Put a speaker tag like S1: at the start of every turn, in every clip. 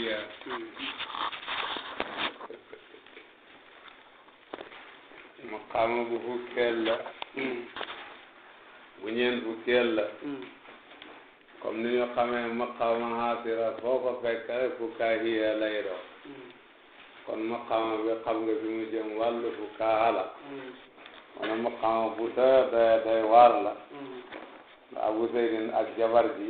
S1: Yeah.
S2: maqaama bu fukkeel la. bu ñeen fukkeel la. comme ni ñu xamee maqaama xaasira foo ko fekk rek fukkaahiya lay doon. kon maqaama bi xam nga fi mu jëm wàllu fukkaaha la.
S1: wala maqaama bu doyoo doyoo waar
S2: la. abu zeydin ak jabar ji.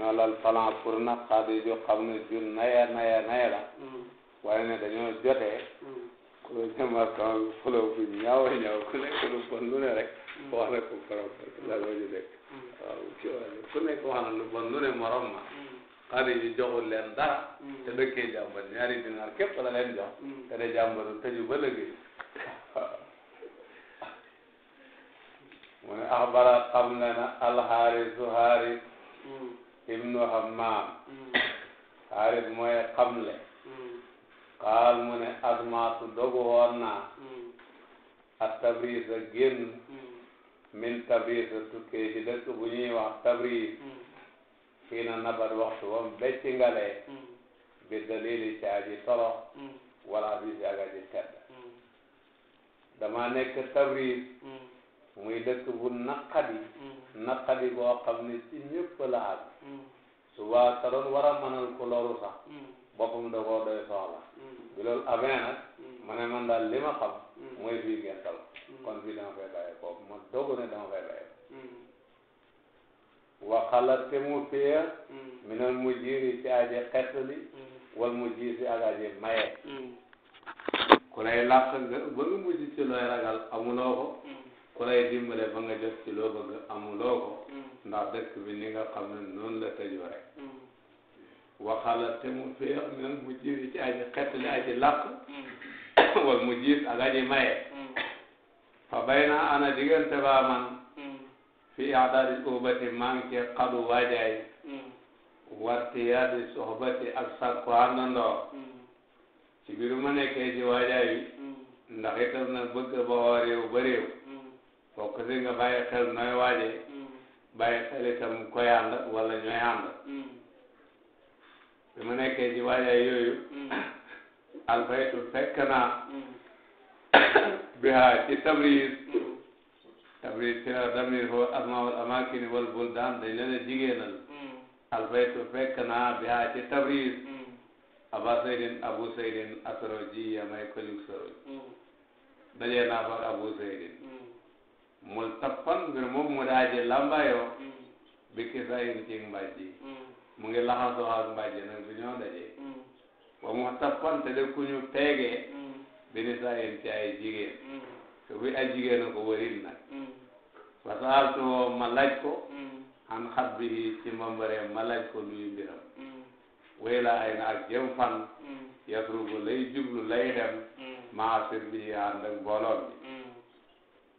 S2: ñoo lal plan pour naqaadi ju xam ne ju naya naya naya la mm. waaye ne dañoo jotee mm. ku jëma kan flow bu ñaaw ñaaw ku nekk lu bon lu ne rek mm. wax na ko borom dago ju nekk waaw ku nekk wax lu bon ne morom ma xale yi joxul leen dara te dëkkee jàmbat ñaari dinaar képp la leen jox te de jàmbatu tëju ba lëgëy mu ne axbara xam na na alxaarisu xaaris ibnu Hammaam Haaris mm. mooy xamle mm. qaal mu ne admaatu dogu woon naa mm. ak Tabriz a min Tabriz a tukkee ci dëkk bu wax Tabriz fii na nabat waxtu wam becc ngalee bi dalili ci aji toro wala bi si ak aji tedd dama nekk Tabriz muy dëkk bu naqadi mm. naqadi boo xam ne ci ñëpp la ak su waa ka doon war a mënal ko loolu sax mm. boppam da koo doy soxla mm. bi loolu amee nag ma ne man daal li ma xam mooy fii gental kon fii dama fay bàyyi ko ma dogu ne dama fay bàyyi ko waxalat te mu fiya minal mu jiiri ci aje xettali wal mu jiir ci ak aje maye ku lay làq nga ba nga mujj ci looy ragal amuloo ko ku lay dimbale ba nga jot ci loo bëgg amuloo ko mm. ndax dëkk bi ni nga xam la tëjoo rek mm. waxala te mu féex men mu jiwi ci aji xettali aji làkk mm. wala mu jiit ak aji maye fa bay naa ana diggante baa man fi adadi ubati maa ngi ci xadu waajaay wartiyaadi soxbati ak sàkku àndandoo ci biir ma nekkee ci waajaay wi ndax itam ba waa réew ba fokk si nga bàyyi xel nooy mm-hmm. wala ñooy ànd mm-hmm. bi ma nekkee ci waajaay yooyu mm-hmm. alfaytu fekk naa biha ci tabriz tabriz ci la damir fo asmaawal amakin wal buldan dañ leen a jigéenal alfaytu fekk naa biha ci tabriz aba saydin abu saydin ya may kolik soroji dajee naa fa abu multafan mbir moom mu daaje lambayoo mm. bi kisayin ci mbàjji mm. mu ngi laxasoo ak mbàjji nag du ñoo dajee mm. wa muhtafan te de ku ñu peegee bi nisayin ci ay jigéen te bu ay jigéen a ko wërin nag fasaaltu woo an xat bi ci mambare ma luy mbiram wéy ay na ak jëm fan yatrubu lay jublu lay dem maa sir bi ànd ak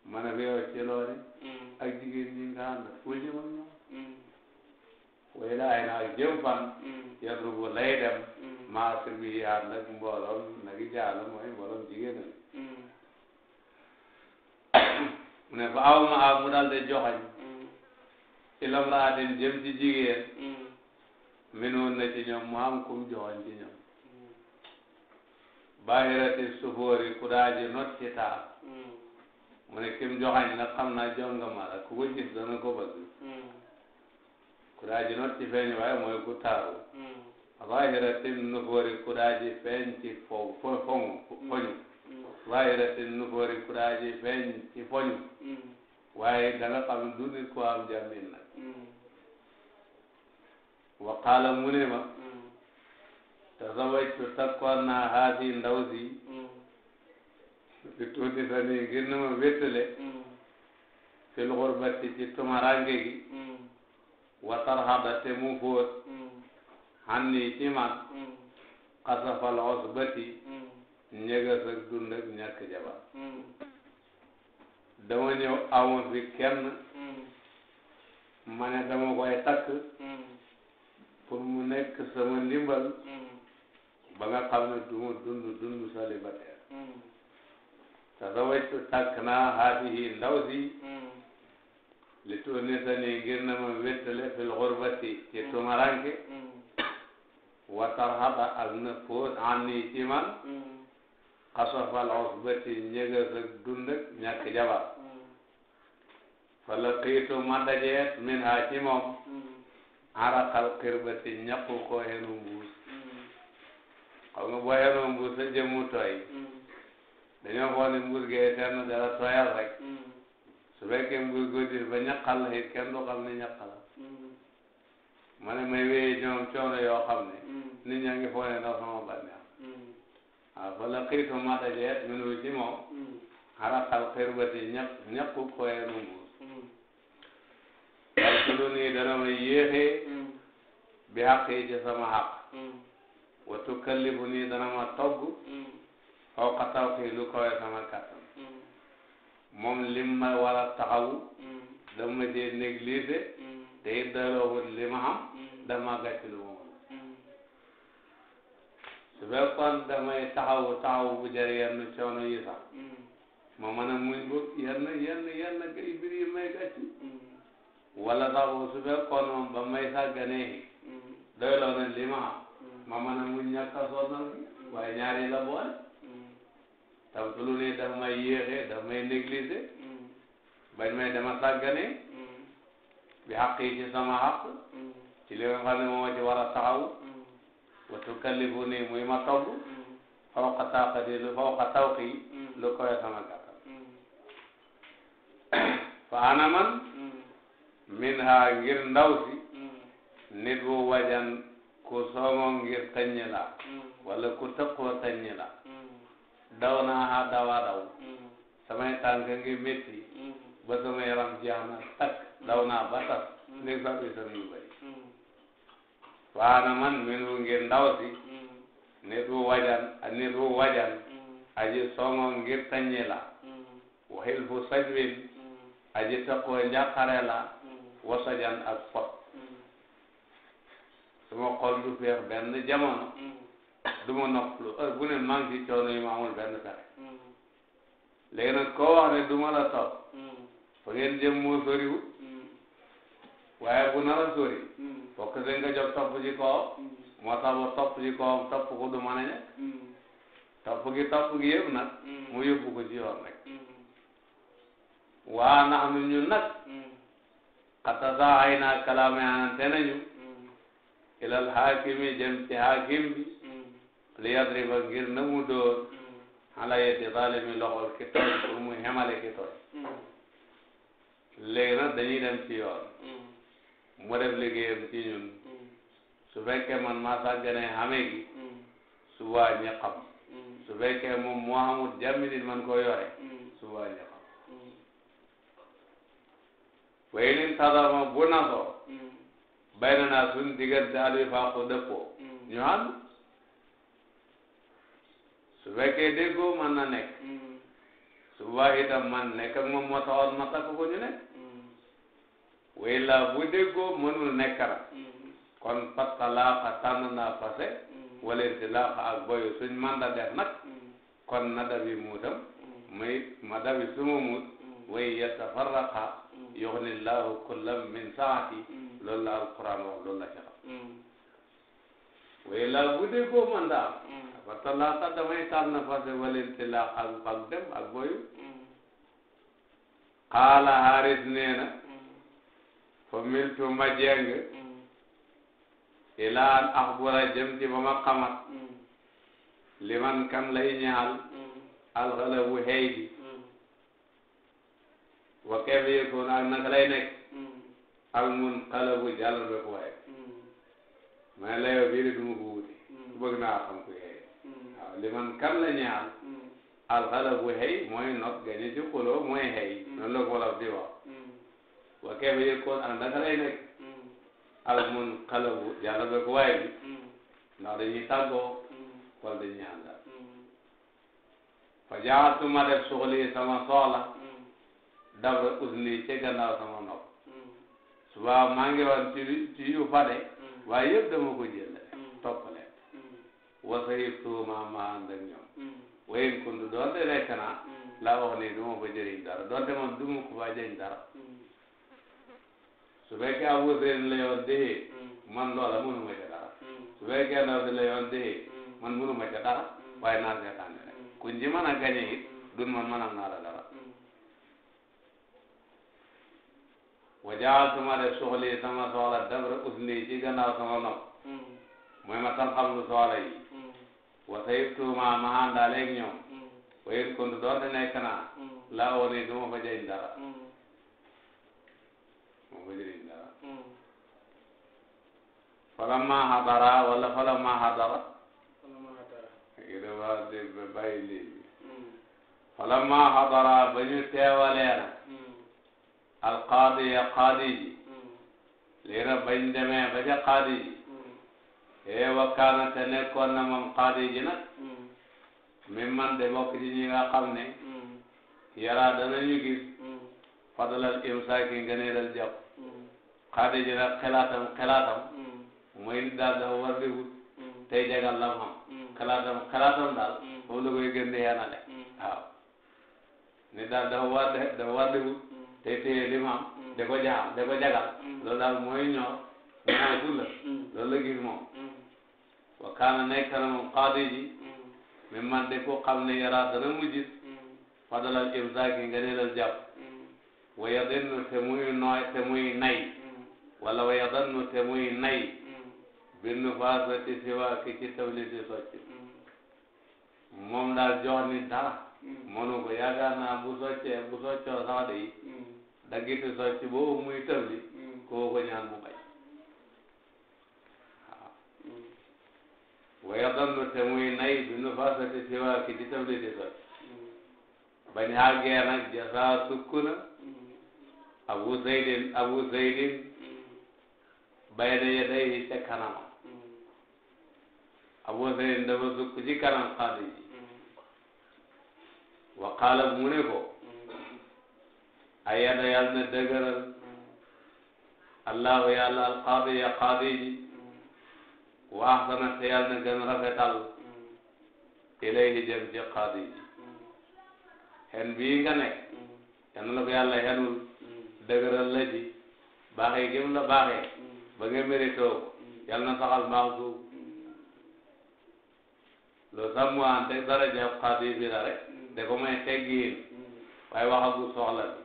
S2: man a weewa celoore mm. ak jigéen ñi nga xam ne foo jëmal ñoom mm. way laay naa jëm fan mm. yadrubu lay dem maa sirbi yaar nag mbooloom nagi jaalu mooy mbooloom jigéenam mu ne fa aw ma aw mu de joxañ ilam raatin jëm ci jigéen minoon na ci ñoom mu am kum joxañ ci ñoom bahirati sufoori ku daa ji not ci taal mu ne kim joxañ nag xam naa jong ma la ku ko gis dana ko bëgg hmm. ku daa ji not ci feeñ waaye mooy ku taaru hmm. zaahiratin nufoori ku daa ji feeñ ci fo hmm. foñu zaahiratin nufoori ku daa ji feeñ ci foñu waaye da nga xam du nit ko am jàmmin nag wa qaala mu ne ma tazawajtu takkoon naa haasi ndaw si bi tuuti sa nii ngir na ma wéttale mm. fil xurbati ci tumarange gi mm. wa tarxada te mu fóot mm. xan nii ci man xasafal osbati ñëgas ak dund ak ñàkk jabar dama ñëw amu fi kenn ma dama koy takk pour mu nekk sama ndimbal ba nga xam ne du ma dund dund célibataire tazawajtu takk naa haadihi ndaw si li tunisani ngir na ma wéttale fil xurbati ci tumaranke wa tarhaba ak na fóot an nii ci man xasafal usbati ñëgas ak dund ak ñàkk jabar fa laqiitu ma dajeet min ha ci moom araqal xirbati henu mbuus xam nga boo henu mbuus sa jëmu dañoo xool ne nguur gi itam dara sooyal rek su fekkee nguur gi dir ba ñaqal la ne ñaqal la mm-hmm. ma ne may wéyee ñoom coono yoo ne mm-hmm. nit ñaa ngi foog ne ndaw sama bànneex mm-hmm. waaw fa la xiitu ma dajeet minu ci moom xaraqal xirbati ñaq ñaqu xooyeenu nguur parce que lu nii dana ma yéexee bi xaq yi ci sama xaq wa tukallifu nii dana ma togg aw xataw fii lu koy sama kàttan mm. moom lim ma war a taxawu mm. dama cee négligé mm. te it daloo li ma dama gàcc lu ma su damay taxawu taxawu bu jar yenn coono yi sax ma mën a muñ bu yenn yenn yenn kay mbir may gàcc wala taxawu su fekkoon moom ba may sàgganee doyloo na li ma ma mën a muñ ñàkk a sonal waaye ñaari la boole tam tulu nii may yéexe daf may négligé mm. bañ may dama sàggane mm. bi xaq ci sama xaq mm. ci li nga xam ci war a taxaw wa tukallifu nii muy ma togg fawqa taqati lu fawqa tawqi lu koy sama gàttal fa ana man min ha ngir ndaw si nit bu wajan ku soomo ngir taññi wala ku tëqoo taññi la daw naa ha dawa daw mm-hmm. samay tànk ngi métti mm-hmm. ba sama yaram jeex na takk daw naa ba tas ndég mm-hmm. sax bi sama yu man min wu ngir ndaw si nit wu wajan ak nit wu wajan songo ngir taññi la waxil fu sajwin aji taqoo njàqare la wasajan ak fot suma xol du feex benn jamono
S1: du ma noppalu
S2: heure bu ne maa ngi ci coono yi ma amul benn pexe léegi nag koo wax ne du ma la topp fa ngeen jëm moo soriwu waaye bu nar a sori fokk se nga jóg topp ci kawam moo tax ba topp ci kawam topp ko du mën a ñàkk topp gi topp gi mu yóbbu ko ci yoon rek waa nax nu ñun nag xatasa ay naa kalaame anante nañu ilal xaakimi jëm ci li yadriba ngir na mu dóor xanaa yéete zalimi loxol ki tooñ mu xemale ki tooñ léegi nag dañuy dem ci yoon mu def liggéeyam ci ñun su fekkee man maa sàggane xame gi su waa ñi xam su fekkee moom moo xamul jàmmi nit man koo yore su waa ñi xam waaye nin tadama bu nasoo bay na naa suñ diggante al wi faaxu dëppoo ñu ànd su fekkee déggoo mën na nekk su boobaa itam man nekk ak moom moo taxoon ma takk ko ñu nekk way laa bu déggoo mënul nekkara kon fattalaaxa tànn naa fase wala intilaaxa ak boyu suñ manda def nag kon na dabi muutam may ma dabi suma muut way yatafarraqa mm. yuxni llahu kullam min saati mm. loolu la alquran wax loolu la ci waaye laa guddee koo man mm. daal. ba talaa sax damay taal na fas walente laa ak ak dem ak boyu. xaala mm. xaaris nee na. Mm. fa miltu ma jeng. ilaa an axbura jëm ci ba ma xamat. liman kan lay ñaal. alxalabu xëy bi. wa kayfa yakoon ak naka lay nekk. almun xalabu jàll rek waaye. ma ne layoo bii de du ma ko mm. naa xam ku yey mm. waaw man kan la ñaar mm. alxala bu xëy mooy not gañe ci xuloo mooy xëy noonu la ko wolof di wax wa kay ba yëg koon ak naka lay nekk al mun xalabu yàlla ba ko waaye bi ndax dañuy tàggoo wala dañuy àndal fa jaatu ma def suxli sama soxla dabra usni ci gannaaw sama nopp suba maa ngi woon ci ci yu waaye yëpp dama ko jëlee mm. topp leen mm. wasa yëpp tuuma ma ànd ak ñoom mm. wayin kundu doonte lekk naa laa wax ni du ma ko jëriñ dara doonte moom du ma ko ba jëriñ dara su fekkee Abu Seen la dee man loola mënu ma ca dara su fekkee ndaw si dee man mënu ma ca dara waaye naa seetaan rek ku ji mën a gañe it dun naa la wa jaaltu ma def suxli sama soxla dabra usni ci gannaaw sama nopp hmm. mooy ma tan xam lu soxla yi hmm. wa sayibtu ma ma àndaaleeg ñoom hmm. wa it kon doonte nekk naa laa woon ni du ma fa jëriñ dara ma fa ba ñu teewalee alqaadi ya qaadi ji liira bañ demee ba ca qaadi ji wakkaana te nekkoon na moom man de bokk ci ñi nga xam ne yara danañu gis fadlal imsaaki ngëneelal jàpp qaadi ji nag xelaatam xelaatam mooy li daal dafa war di wut tey jagal la xam xelaatam xelaatam daal foofu la koy gën di yanale waaw ni daal dafa war de dafa war di wut tey téye limam da ko jaam da ko jagal loolu daal mooy ñor ñaar tur la loolu mm. la gis moom wa kaana nekk na moom ji mais man de ko xam ne yaraa dana mu gis fadalal imsaak gi nga ne lal jàpp wa yadannu te muy mm. nooy te muy nay wala wa yadannu te muy nay binnu faasati siwaaki ci tawli si socc moom daal jox ni dara mënu mm. ko yaakaar naa bu soccee bu soccoo sax de daggiti socc boobu muy tëbli mm. koo ko ñaan mu bañ waaw mm. waya donnu te muy nay bi nu fasati si di tëbli di socc mm. bañ àggee nag jasaa sukk abu zaydin abu zaydin bayna yadayhi ca kanama abu zaydin dafa sukk ci kanam xaadi ji wa qaala mu ne ko ayada yàlla na dëgëral allahu yàlla alqaadi ya qaadi ji waax sana te yàlla na gën rafetal ilayhi jëm ci qaadi ji xen bii nga nekk yàlla la ko yàlla xenul dëgëral la ji baaxee gëm la baaxee ba nga méritoo yàlla na saxal maaxdu loo sàmmuwaan teg daraja qaadi bi la rek ko may teggiin waaye waxagu soxla bi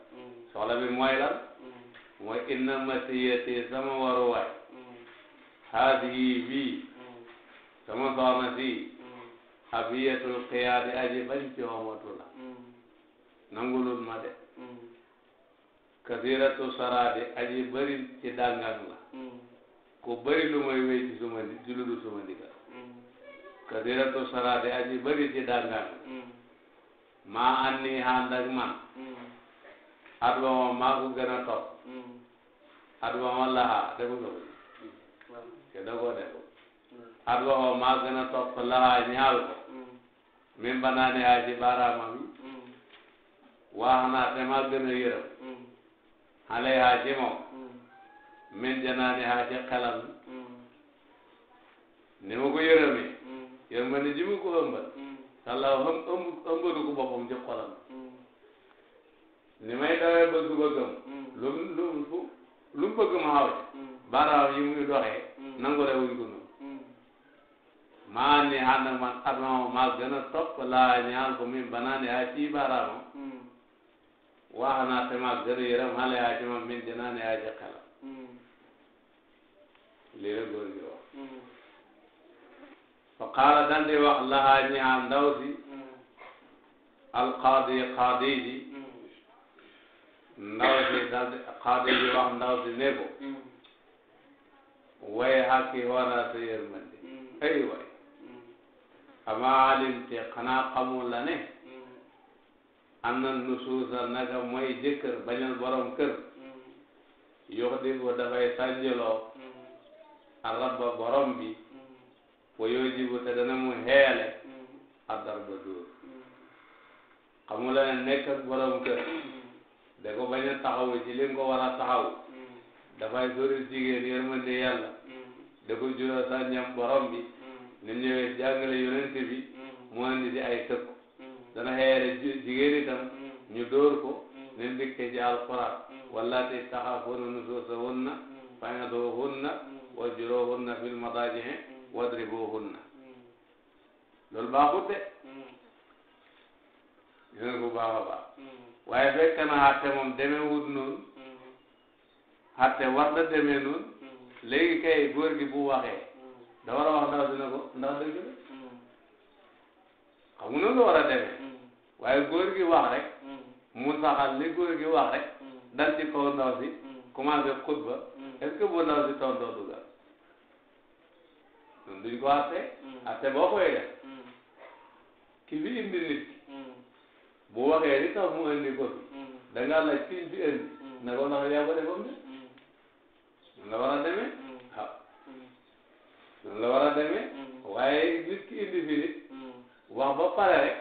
S2: soxla bi mooy lan mm-hmm. mooy inna masiyati sama waruwaay mm-hmm. haadihi bii mm-hmm. sama soxna si abiyatul xiyaadi aji bañ ci xomatu la nangulul ma de kasiratu saraadi aji bëri ci dàngang la ku bëri lu may wéy ci suma di ci lu du suma ndigal kasiratu saraadi aji bëri ci dàngang maa anni ànd ak man at ba moom maa ko gën hmm. a topp at ba moom laha defu ko ke dogoo def at ba moom maa gën a topp laha ñaal ko min banaane haa ci baaraamam yi waa xanaa te maa gën a yërëm xale haa ci moom min janaane haa ci xelam ni ma ko yërëmee yërmande ji ma ko ëmbal hmm. sallaaw ëmb ni may dawee bëgg-bëggam. Mm. lu lu lu bëgg ma xaw ci. Mm. baaraam yi muy doxee. Mm. nangu rek wuñ ko noonu. maa ne maa gën a topp laa ñaal ko muy banaan yaa ci baaraamam. wax naa maa gën a yërëm xale ma min dinaa ne yaa ci xelam. lii la góor dandi wax lahaa ñaal ndaw si. alqaadi qaadi ndaw si daal di xaadi bi wax ndaw si ne ko mm. waaye xàkki wara sa yërmande ay mm. waay xamaa mm. alimte xanaa xamul la ne am na nusuusa naka mooy jëkkër bañal borom kër yox di ko dafay sànjaloo arraba borom bi wa yoo jibu te dana mu xeele addar ba dóor xamul la borom kër da ko bañ a taxawu ci li nga ko war a taxawu mm. dafay sori jigéen yërmande yàlla mm. da ko jural sa ñam borom bi mm. ni mu ñëwee jàngale yonente bi mu andi ci ay tëkku dana xeere jigéen itam ñu dóor ko ni mu dikkee ci alxuraan wallaati taxaafuuna nusuusahunna fangiduuhunna wahjuruhunna fil madaaji'i wadribuhunna loolu baaxut de ñu ne ko baax a waaye fekk na xatte moom demee wut noonu xatte war na demee noonu léegi kay góor gi bu waxee wax ndaw si ne ko ndax dëgg la xam nga noonu la war a demee waaye góor gi wax rek mu saxal li góor gi wax rek dal ci kaw ndaw si commencé xutba est ce que bu ndaw si tontoo dugal noonu duñ ko xatte xatte boo koy def ki fi indi nit bu waxee li tax mu indi ko fi da ngaa laaj kiñ fi indi ne ko ndax yaa ko defoon de noonu la war a demee waaw noonu la war a demee waaye nit ki indi fi nit wax ba pare rek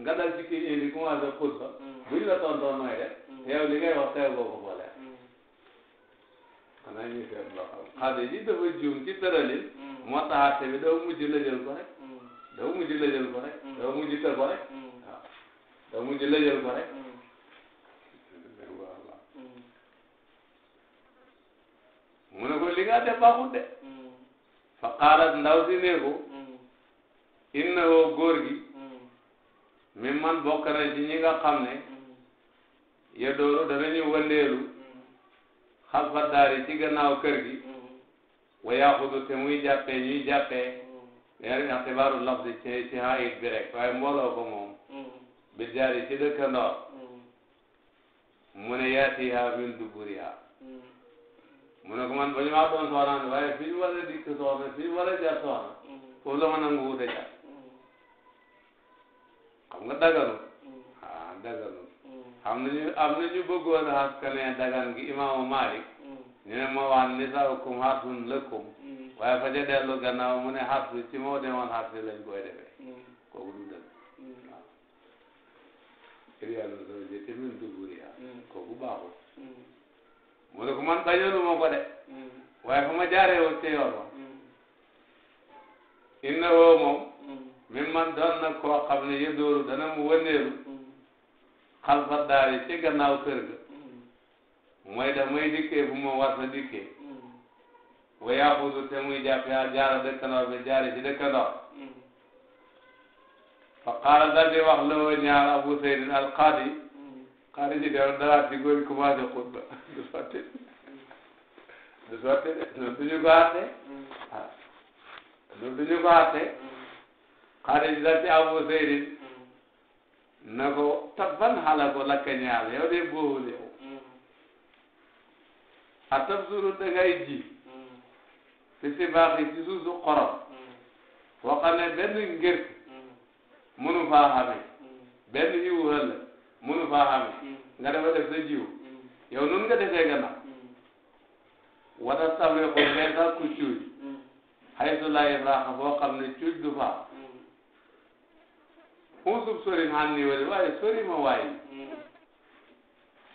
S2: nga dal ci kiñ indi commencé xutba buñ la tontoon nooy def te yow li ngay wax teel boo ko xoolee xanaa ñu seet loo xam xale yi dafa juum ci tëralin moo tax bi dafa mujj la jël ko rek dafa mujj la jël ko rek dafa mujj tër ko rek te mujj lëjël ko rek. Mm. Mm. mu ne ko li nga def
S1: baaxut de. Mm.
S2: fa qaalat ndaw si ne ko. inna woo góor gi. mi man bokk na ci ñi nga xam ne. yedooru danañu wëndeelu. xalfa daari ci gannaaw mu gi. wa yaxudu te muy jàppee ñuy jàppee. leer ixtibaaru lafdi ci ci haayit bi rek waaye mbooloo ko moom. bi jaari ci dëkkandoor
S1: hmm.
S2: mu ne yaatiha min duburiha hmm. mu ne ko man ba ñu maa doon soxna waaye fi ñu war a dikk soxna fi ñu war a jar soxna hmm. foofu la ma nangu wute jar xam nga daganu ah daganu xam nañu am na ñu bëggoon a xaskane dagan gi imaamu Malik ñu ne ma waan nisaakum xarsun lëkkum waaye fa ca dellu gannaaw mu ne xarsu ci moo demoon xarsi lañ koy defee kooku du dëgg riyalu zawjati min duburiha kooku baaxul mu ne ko man bañoonu ma ko de waaye fa ma jaareewul ci yoon wa inna woo moom min man doon na koo xam ne yëdooru dana mu wëndeelu xalfa daari ci gannaaw kër ga mooy daf may dikkee bu ma war sa dikkee wa yaaxudu te muy jàpp yaa jaara dëkkandoo bi jaari ci dëkkandoo fa qaala daal di wax la woo ñaar Abu Seydin al qaadi qaadi ji deewoon dara di góor commencé xutba du sotti du sotti du ñu ko àtte du ñu ko àtte qaadi ji daal ci Abu Seydin na ko tabban xala ko lakka ñaar yow de boobu yow a tabsuru da ngay ji fi si baax yi ci suusu xorom boo xam ne benn ngir mënu faa xamee mm. benn jiwu xel mënu faa xamee mm. nga dafa def sa jiwu mm. yow nun nga defee gannaaw wata tawee ko ngay sàkku cuuj xay su laay raaxa boo xam ne cuuj du faa xuusub sori xaan ni wari sori ma waaye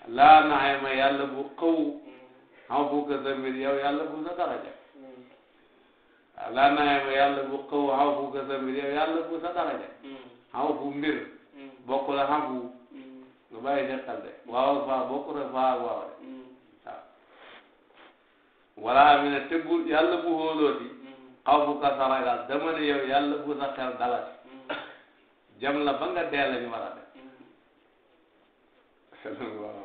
S2: laa naxay ma yàlla bu xaw xaw bu ko sa mbir yow yàlla bu sa daraja ala naye ba yàlla bu xaw xaw bu gësa mbir sa daraja hmm. xaw bu mbir hmm. bokk la bu hmm. nga bàyyi xel de waaw faa bokk la faa waaw de waaw wala bu hóolooti xaw bu ka sa ragal dama ne yow yàlla sa xel dalati jam la ba nga dee la ñu war a def waaw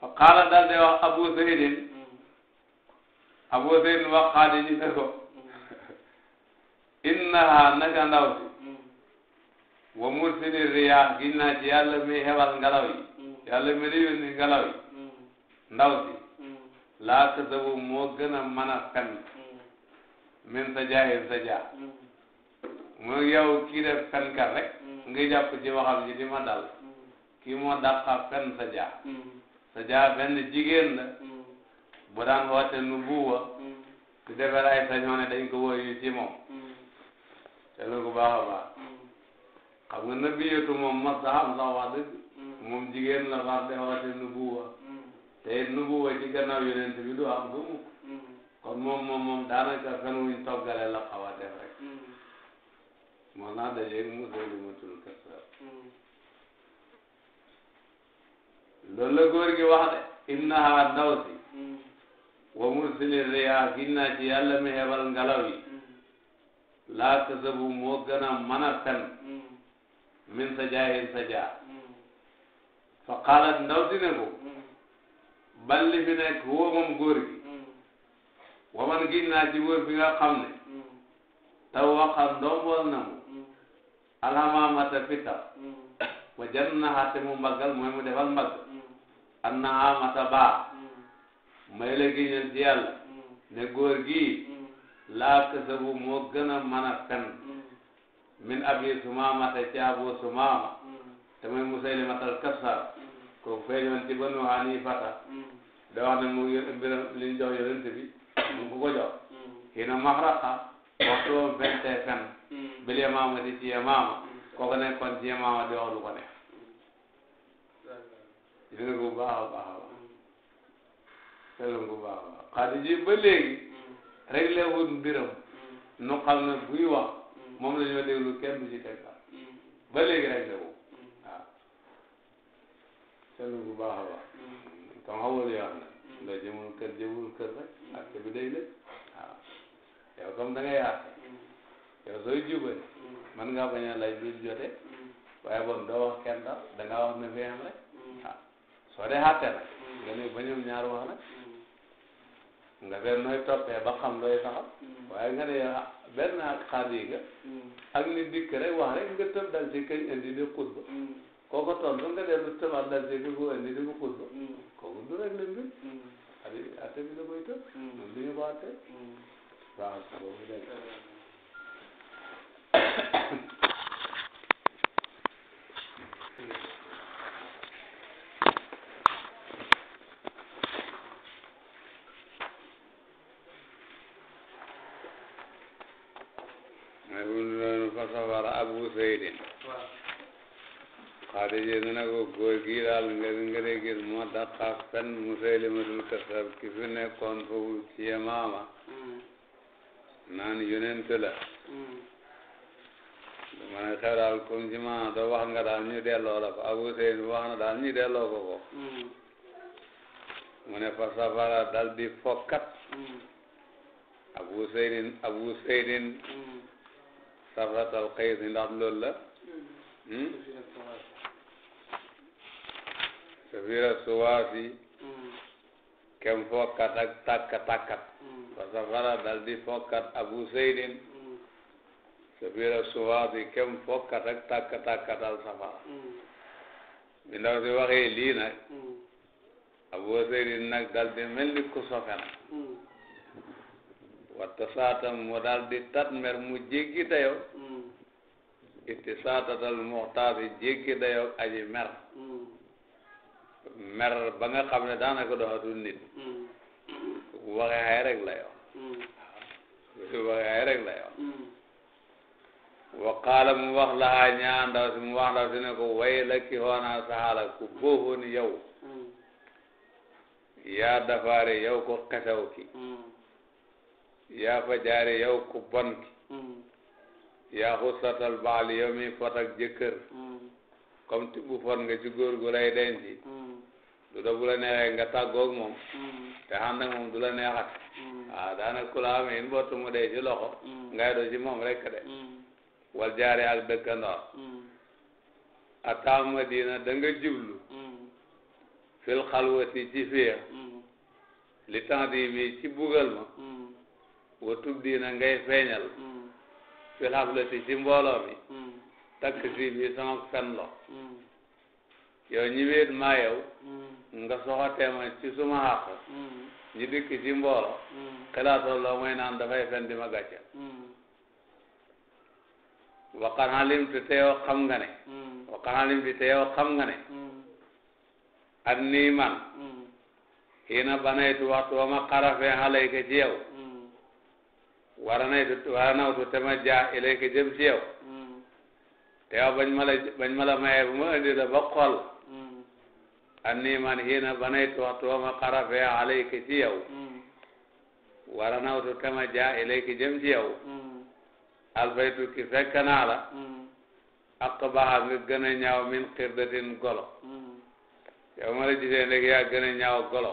S2: fa qaala daal de Abu Zayd waqaadi ñu ne ko innaha naka ndaw si wa mursili riyaax gis naa ci yàlla mi xewal ngelaw yi yàlla mi di yónni ngelaw yi ndaw si laa moo gën a mën a fen min sa jaahin mu yow kii def fenkat rek nga jàpp ci waxam ji di ma dal kii moo fen sa jaa sa jaa benn bu daan woote nubuwa su mm. defee ay sañoo ne dañ ko wóoyu ci moom te mm. loolu baax a baax mm. xam nga nabiyatu moom mas da am sax wax dëgg moom jigéen la war de woote nubuwa te it nubuwa ci gannaaw yonent bi du am gëmu kon moom moom moom daanaka fen wuñ toggale la xaw a def rek moo naa dajeeg Musaylimatul Kazzaab loolu la góor gi wax de innaha ndaw si wa mursili riyaa gin ci yàlla mi hebal ngelaw laa kasabu moo gën a mën a min sa jaayin sa jaar ndaw si ne ko ban fi nekk woo moom góor wa man gin ci wóor bi nga ne taw waxal ndombol na mu alhamamata fitam wa jannaha te mu mbaggal mooy mu defal mbagg annahamata baax may la giñal ci mm. ne góor gi mm. laa kasabu moo gën a mën fen mm. min abi sumaama te ci abu te mooy musaylimatal kassar kooku feeñoon ci banu hanifata da wax ne mu ngi mbiram li ñu jox yonent bi mu ngi ko jox hina mahraqa waxtu woon fente fen bil yamaama di ci yamaama kooku nekkoon ci yamaama di wax lu ko neex dina ko baax a baax a baax selum bu baax a baax Xadija ba léegi mm. réglé wut mbiram mm. nu ne buy wax mm. moom la ñoo déglu kenn du ci teg ba léegi wu waaw selum bu baax a baax kon xawul yoon na ndax jëmul kër jëmul kër rek ak bi day lëj waaw yow comme da ngay àtte yow sooy jubale man ngaa bañ a lay biir jote waaye bon doo wax kenn dara da ne feeñ rek waaw soo dee àtte nag nga ne bañul ñaar wax nag nga seet nooy toppee ba xam looy saxal mm. waaye nga ne yow ah, benn mm. ak xaar yi nga ak ni dikk rek wax rek nga tëb dal ci kañ indi di xutba mm. kooko tontu nga dellu tëbaat dal ci ki ko indi di ko xutba kooku du rek le mbir adi atte bi da koy tëb noonu li ñu ko atte waaw boobu dégg daqa fen Musaylimatul Kazzab ki fi nekkoon foofu ci Yamaama mm. naan yonent la mm. ma ne xew daal comme ci maanaam doo wax nga daal ñu delloo la ko Abu Seyni wax na daal ñu delloo ko mm. mu ne fa dal di fokkat Abu Seyni Abu Seyni safaratal xëy si ndax loolu la hmm? sabira suwaasi kem fokkat ak takka takkat fa safara dal mm. di fokkat mm. abu seydin sabira suwaasi kem fokkat ak takka takka dal safara bi ndaw si waxee lii nag abu seydin nag dal di mel ni ku sofe nag mm. watta saatam mu dal di tat mer mu jéggi dayo itti saatatal muxtaasi jéggi dayo aji mer
S1: mer ba nga xam ne daanaka
S2: doxatul nit bu mm. waxee xay rek la yow
S1: bu mm. waxee la yow mm.
S2: waqaala mu wax lahaa ñaa ndaw si mu wax ndaw si ne ko way la ki hoonaa saxaala ku boofoon yow yaa dafaare yow ko xesaw ki yaa fa jaare ku bon ki yaa xusatal baal yow mi fot ak jëkkër comme tibb fon nga ci góor gu lay denci du da bu la neexee nga tàggoog moom mm. te xam moom du la neexat waaw mm. ah, daanaka ku la amee in bottu dee ci loxo mm. ngay do ci moom rek de wal jaare ak dëkkandoor a taam madina da nga jublu fil xalwati ci fiya li temps di mi ma wa tub diina ngay feeñal fil xaflati ci mbooloo mi takk si bi sama fenlo yow ñi wéet maa yow nga soxatee ma ci suma xàq mm. ñu dikk ci mbooloo mm. xelaatoo loo mooy naan dafay fen di ma gàcce mm. waqan xalim te teew nga ne waqan xalim te teew xam nga ne ak nii man xiina banaytu waxtu wa ma xarafee xalayka ci yow wara naytu wara nawtu te ma jaa ilayka jëm ci yow teew bañ ma la bañ la mayee bu ma indi la ba xool anni man hiina banaytu waxtu wa ma xarafee alayka ci yow wara nawtu tama jaa ilayka jëm ci yow albaytu ki fekk naa la aqbaha nga gën a ñaaw min xirdatin golo yow ma la gisee ndeg yaa gën a ñaaw golo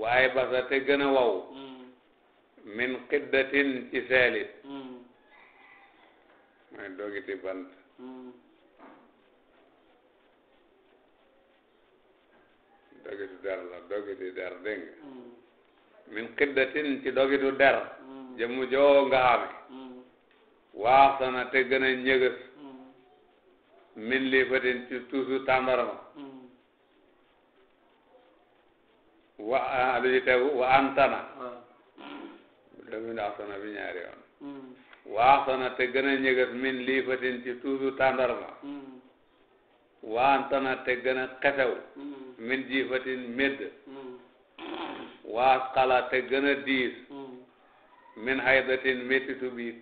S2: waaye basa te gën a wow min xiddatin ci seelit mooy dogiti bant dogitu der der dégg nga
S1: mm.
S2: min xiddatin ci dogitu der mm. jëmu joo nga xame mm. waax sana te a ñëgës min lii fatin ci tuusu tàmbarma wa lu wa antana domin axsana bi ñaari yoon waax sana te gën min lii fatin ci tuusu tàmbarma waantana te gën a xesew mm. min jiifatin médd
S1: mm. waas xala
S2: te a diis mm. min haydatin méttitu biit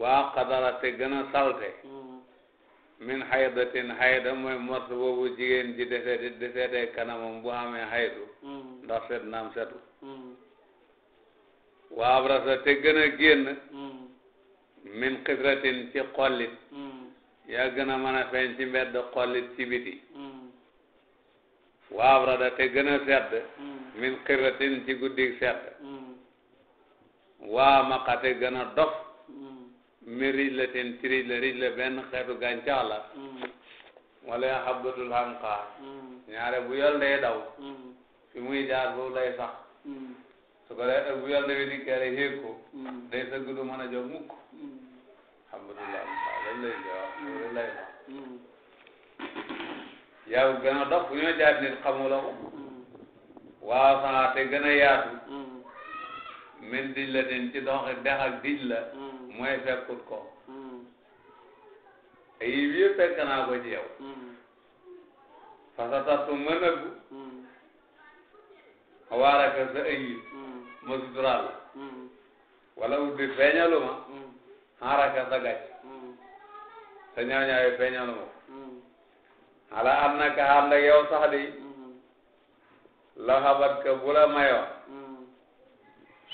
S2: waa xadara te gën min haydatin hayda mooy mors boobu jigéen ji defeeti defeete kanamam bu xamee haydu ndax set waa abrasa te gën min xidratin ci xollit yaa gën a mën a feeñ ci mbedd xollit ci
S1: mm.
S2: te gën a sedd mm. min xiratin ci guddig sedd mm. waa maqate gën a dof mi rij la ten ci rij la rij la benn xeetu gàncax la wala ya xabbatul xanqaar ñaare bu yol day daw fi muy jaar foofu lay sax su ko dee bu yol de wi dikkee rek yéeg ko day sëgg du mën a jóg alhamdulilah waaw loolu lay lay wax hmm. yow gën a dox bu ñoo jaar nit xamula ko hmm. waaw saa te gën a yaatu hmm. min dij la den ci doxi dex ak dij la mooy fekkut ko ayi bii fekk naa ko ci yow fasa tasu mën agu a waaraka sa ayib ma sutural la wala haraka sa gàcc sa ñaañaayu feeñal ma ala an na ka ànd ak yow sax di la xabat ka bu la mayoon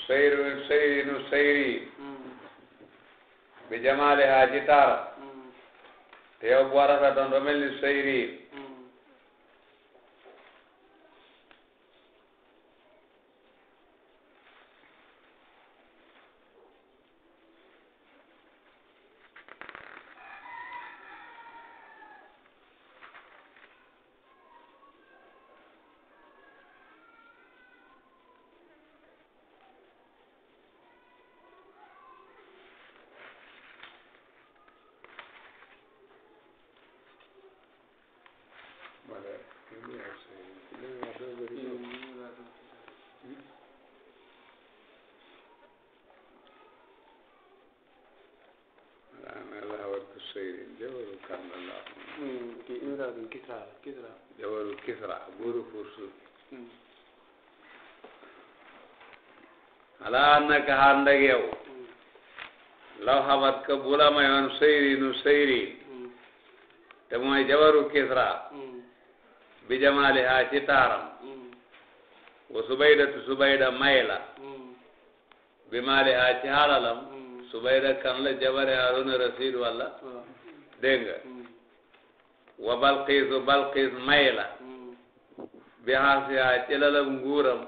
S2: sayru sayrinu sayri bi jamaali haa taara te yow bu war a fetoon doo ni sayri jabaru Kisra la Kisra. jabaru Kisra buuru Fursuut. Hmm. ala naka ànd ak yow. Hmm. law xabat ka bu la mayoon sayrinu sayrin. Hmm. te mooy jabaru Kisra. bi jamaaliha ci taaram. wa subaydatu subayda may la. bi maaliha ci halalam. subayda kan la jabare Haruna Rasid walla. dégg nga. wa balqiisu balqiis may la bi xaasiha ci lalam nguuram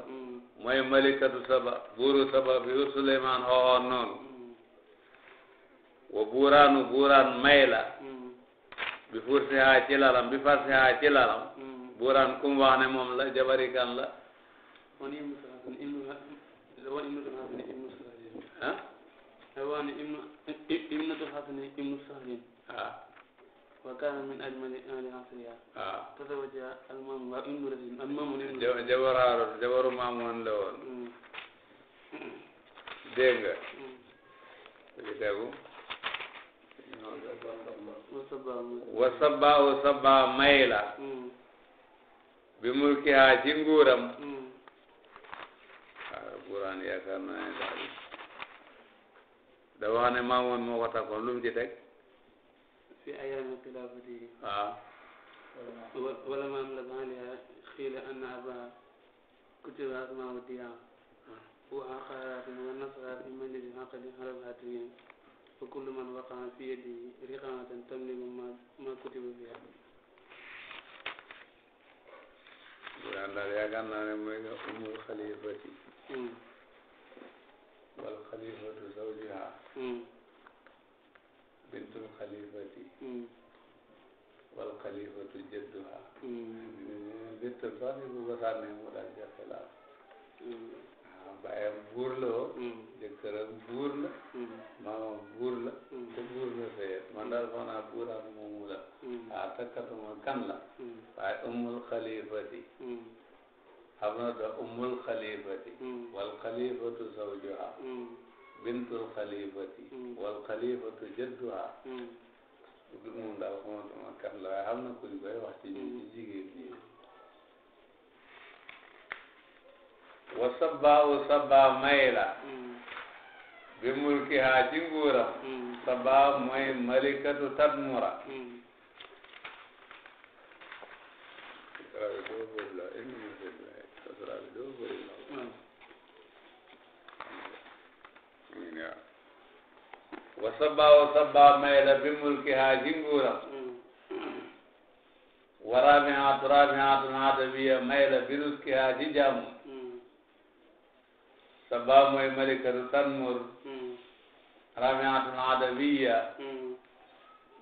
S2: mooy malikatu saba buuru saba bi yu suleymaan xooxoon wa buuraanu buuraan may la bi fursiha ci lalam bi farsiha ci lalam buuraan kum wax moom la jabari kan la ah
S1: wa kaana min ajmali ahli asriya waaw tazawwaja al mamun wa imratin al mamun jabaraaru
S2: jabaru maamoon la woon dégg nga li tegu wa sabaa wa sabaa mayla bi mulkiha ci nguuram waaw Alxuraan yaakaar naa ne daal da wax ne maamoon moo ko takkoon lu mu ci teg fi ayaami xilaafatihi waaw wala ma am la baaliha xiila anna abaha kutiba asmaahu diyaam wa aqaraatin wa nasraati majlisi aqli arab hatiyin wa kullu man waqaa fi yadihi riqaamatan tamliku ma
S1: ma kutiba fiha
S2: yaan daal yaakaar naa ne mooy nga umul xalifati hmm. wal xalifatu zawjiha hmm. bintul xalifati mm. wal xalifatu jëdduha mm. bintul sax ni bu ko sànnee mu daal ja xilaaf mm. ah, baayam buur la woo jëkkëram buur la maamam buur la te buur la fee man daal foog naa buur ak moomu la ah takkatuma kan la waaye umul xalifati xam na da umul xalifati wal xalifatu zawjuha bintul xalifati hmm. wal xalifatu jadduha hmm. moom daal xamatuma kan la waaye na ku ñu koy wax ci ñun ci jigéen ñi hmm. wa sabbaawu sabbaa may la bi mulkiha ci tadmura wa saba wa saba may la bi mulkiha ji nguuram wa rabiatu rabiatun adabiya may la bi ruskiha ji jàmm saba mooy malikatu tanmur
S1: rabiatun
S2: adabiya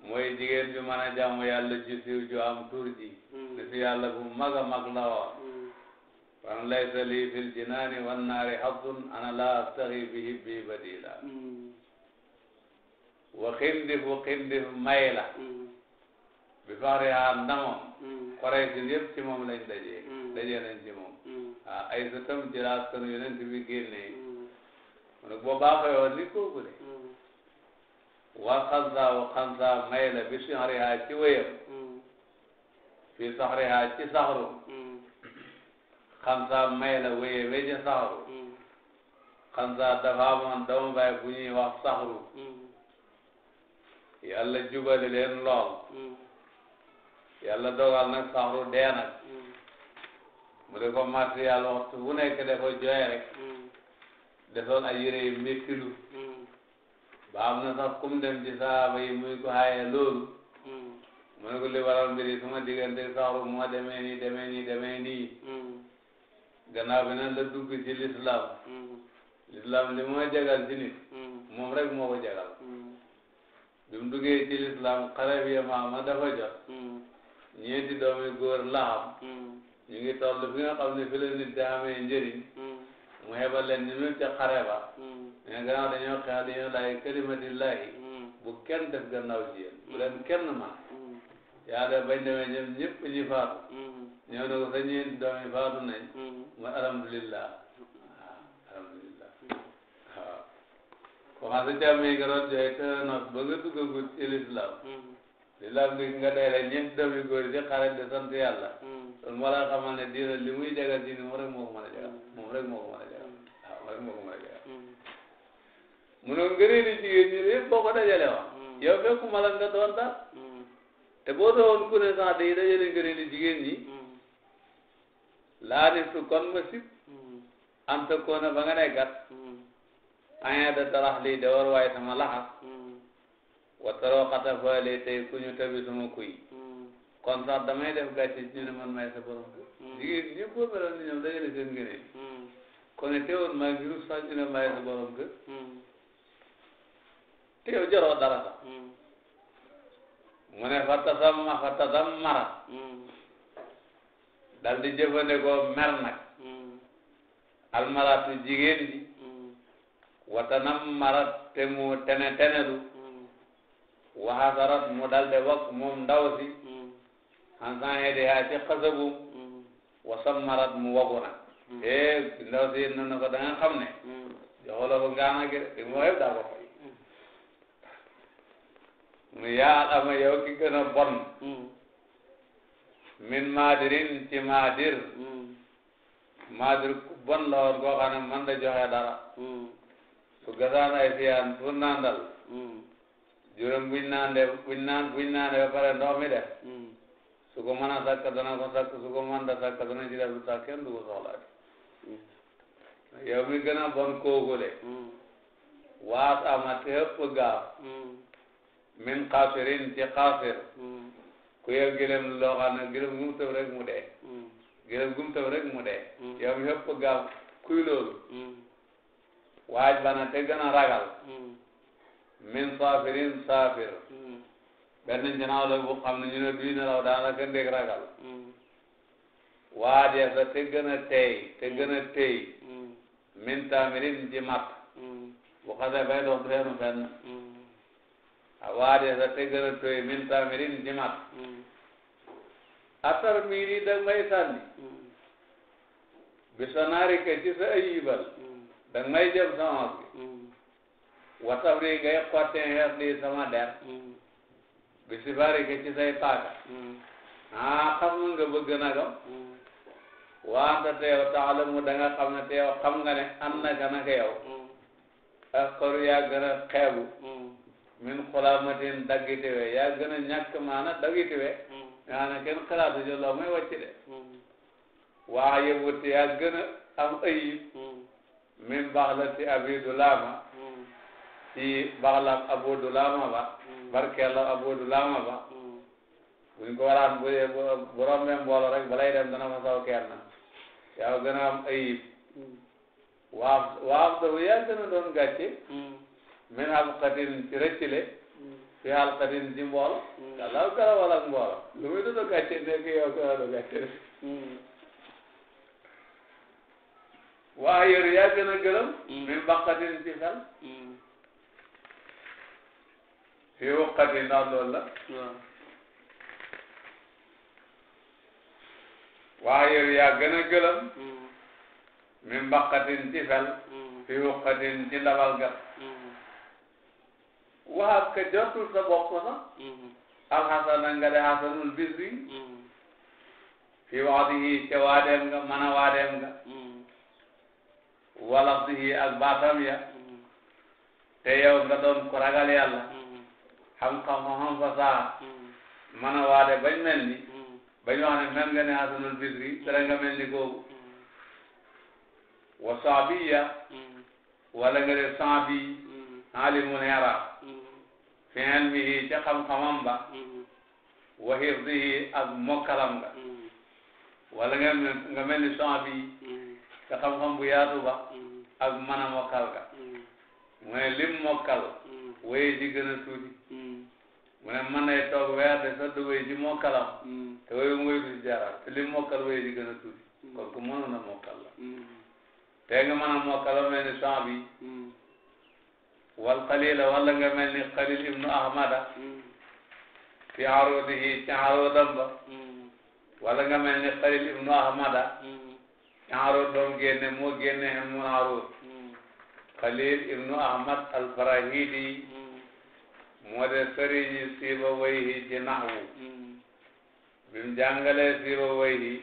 S2: mooy jigéen ju mën a jàmm yàlla ji siw ju am tur ji li si yàlla bu mag a mag la woon kon laysa lii fil jinaani wannaari habdun ana laa astaxi bihi bi badila wa xindifu xindif may la mm. bi faxri haa ndamoom xoray mm. si yëpp ci moom lañ dajee mm. dajee nañ ci moom waaw ah, ay sa tam ci laa sanu yonent bi génnee mu ne boo baaxayoo ni kooku de waa xansa wa xansa may la bi faxri haa ci wéyam fi saxri haa ci saxru xansa may la wéyee wéy ci saxru xansa dafa amoon doomu baay bu ñuy wax saxru yàlla jubali leen lool hmm.
S1: yàlla dogal nag saxru dee
S2: hmm. mu di ko màtt yàlla waxtu bu nekk dafa jooy rek hmm. desoon ay yére yu méttilu ba am na sax kum dem ci saaba yi muy ko xaaye loolu mu ne ko li waral mbir yi suma diggante saxru moo demee nii demee nii demee nii gannaaw bi nag la dugg ci lislaam lislaam li moo jagal ci nit
S1: moom rek moo ko
S2: jagal bi mu duggee ci lislaam xare bi maama dafa jot hmm. ñeenti doomi góor la am hmm. ñu ngi toll fi nga xam ne fi la nit di amee njëriñ hmm. mu xebal leen ñu nul ca xare ba mais gannaaw dañoo xeex dañoo laay kalimatillahi bu kenn def gannaaw ji bu leen kenn man yàlla bañ demee ñoom ñëpp ñi faatu ñëw ne ko ñeenti doomi faatu nañ mu alhamdulillah commencé jàmm yi nga doon joxe te noonu ba nga duggagul ci lislaam lislaam bi nga dee rek ñëpp doom yu góor yi si xarit di sant yàlla loolu moo la li muy jagal diine moom rek moo ko mën a jagal moom rek moo ko mën a jagal waaw moom rek moo ko mën a jagal mu ne ngëneel yi jigéen ñi yëpp boo ko dajale nga doon dara te boo doon ku ne sax day dajale ngëneel yi jigéen ñi laa ne su kon ma sib anta koona ba nga gat
S1: añee da tarax lii de war waaye sama laxas hmm.
S2: wataroo xata faale tey ku ñu tabi sama kuy hmm. kon sax damay def gàcce ci ne man may sa borom hmm. jigéen ñëpp boo meloon ni ñoom dajale seen ngëneel kon teewoon maa ngi rus sax ñu ne may sa borom kër te yow jaroo dara sax mu ne fa tasam ma fa tasam mara dal di jëfandikoo mer nag almaratu jigéen ji watanam marat te mu tene tenelu hmm. waxasarat mu dalde wax ndaw si hansan hmm. hede ha ci xasabum hmm. wasam marat mu wagu eh ndaw si noonu ko da nga ne joxolo ko ngaana gi di moo yëpp daa ko fay mu yaa ama bon min maadirin ci maadir maadir ku bon la woon koo xam dara su gasaan ay siyaan pour naandal juróom buñ naande buñ naan buñ naande ba pare ndox mi def su ko mën a sàkk dana ko a bon koogule waas ama te ëpp
S1: min xaasirin ci xaasir
S2: ku yor gëlëm loo xam ne gëlëm gu mu tëb rek mu dee gëlëm gu mu tëb waaj ba te gën a ragal min saafirin saafir benn janaaw la bu xam ne ñu ne duy nelaw daanaka ndég ragal waaj la te gën a tey te gën tey min taamirin ji mat bu xasee bay dox du feenu fenn waaj la te gën a tey min taamirin ji mat atar miiri dag may sànni bi sanaari ka ci sa ayibal danga may jël sama bi wa tabri ngay xottin xeet lii sama der bi sifaari ke ci say paaka mm. ah xam nga nga bëgg nagam mm. waanta te yow taalamu da nga xam ne te yow xam nga ne an naka naka yow mm. askaru yaa gën a xeebu min xulaamatin daggitiwe yaa gën a ñàkk maana daggitiwe yaa ne kenn xalaatu jël loo may wàcc de waa yëbut yaa gën a am ayib min baxlati abi dulaama ci hmm. baxlam abu dulaama ba hmm. barkeelam abu dulaama ba hmm. buñ ko waraan bu bu rombee mbooloo rek balay dem dana fa saw kenn yow gën a am ayib waaf waaf dafa yàlla dana doon gàcce min halqatin ci rëccile fi halqatin ci mboolo galaw garaw wala mboolo lu muy doon gàcce nekk yow garaw do gàcce waa yor yaa gën a gërëm. min mm. baqatin ci xel.
S1: fi waqati
S2: ndax loolu la. waa yor yaa gën a gërëm. min mm. baqatin ci xel. fi waqatin ci ndabal gat. Mm. waa ka jotul sa bopp sax. alxasana nga de xasanul bis bi. fi waxtu yi ca waadeem nga mën a waadeem nga. walaf si ak baatam ya te yow nga doon ko ragal yàlla xam-xam xam fa saa mën a waade bañ mel ni bañ wax ne mel nga ne hasanul bisri dara nga mel ni googu wa saabiya wala nga ne saabi alimun yara fi ilmihi ca xam-xamam ba wa xifdihi ak mokkalam nga wala nga mel ni saabi ca xam-xam bu yaatu ba mm. ak mën a mokkal ga mm. mu ne lim mokkal mm. waye ji gën a tuuti mu ne mën nay toog weer de sotti waye ji mokkalam te waye mooy du jaral te lim mokkal waye ji gën a tuuti kon ku mënoon a mokkal la te nga mën a mokkal mel ni sang bi wal qalila wala nga mel ni qalil ibnu ahmada fi arudihi ci arudam ba wala nga mel Aarut doom génne moo génne hem mu Khalil ibnu Ahmad al-Farahidi moo de sëriñi Sibawayhi ci naxwu bim jàngalee Sibawayhi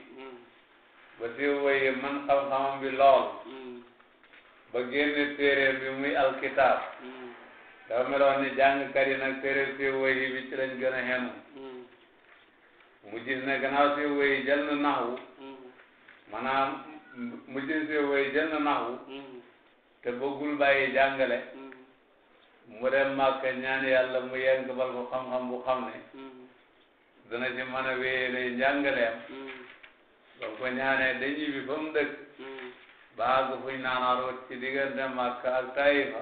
S2: ba Sibawayhi man xam-xamam bi lool ba génne téere bi muy alkitab dafa meloon ni jàngkat yi nag téere Sibawayhi bi ci lañ gën a hemu mu gis ne gannaaw Sibawayhi jël na naxwu maanaam Mm. mu jëm si way jël na naxu mm. te bëggul bàyyi jàngale mm. mu dem Màkka ñaan yàlla mu yëng bal ko xam-xam bu xam ne dana ci mën a wéyale njàngaleem ba ko ñaanee dañuy bi fa mu dëkk baa gu fuñ naanaaroot ci diggante Màkka ak Taïfa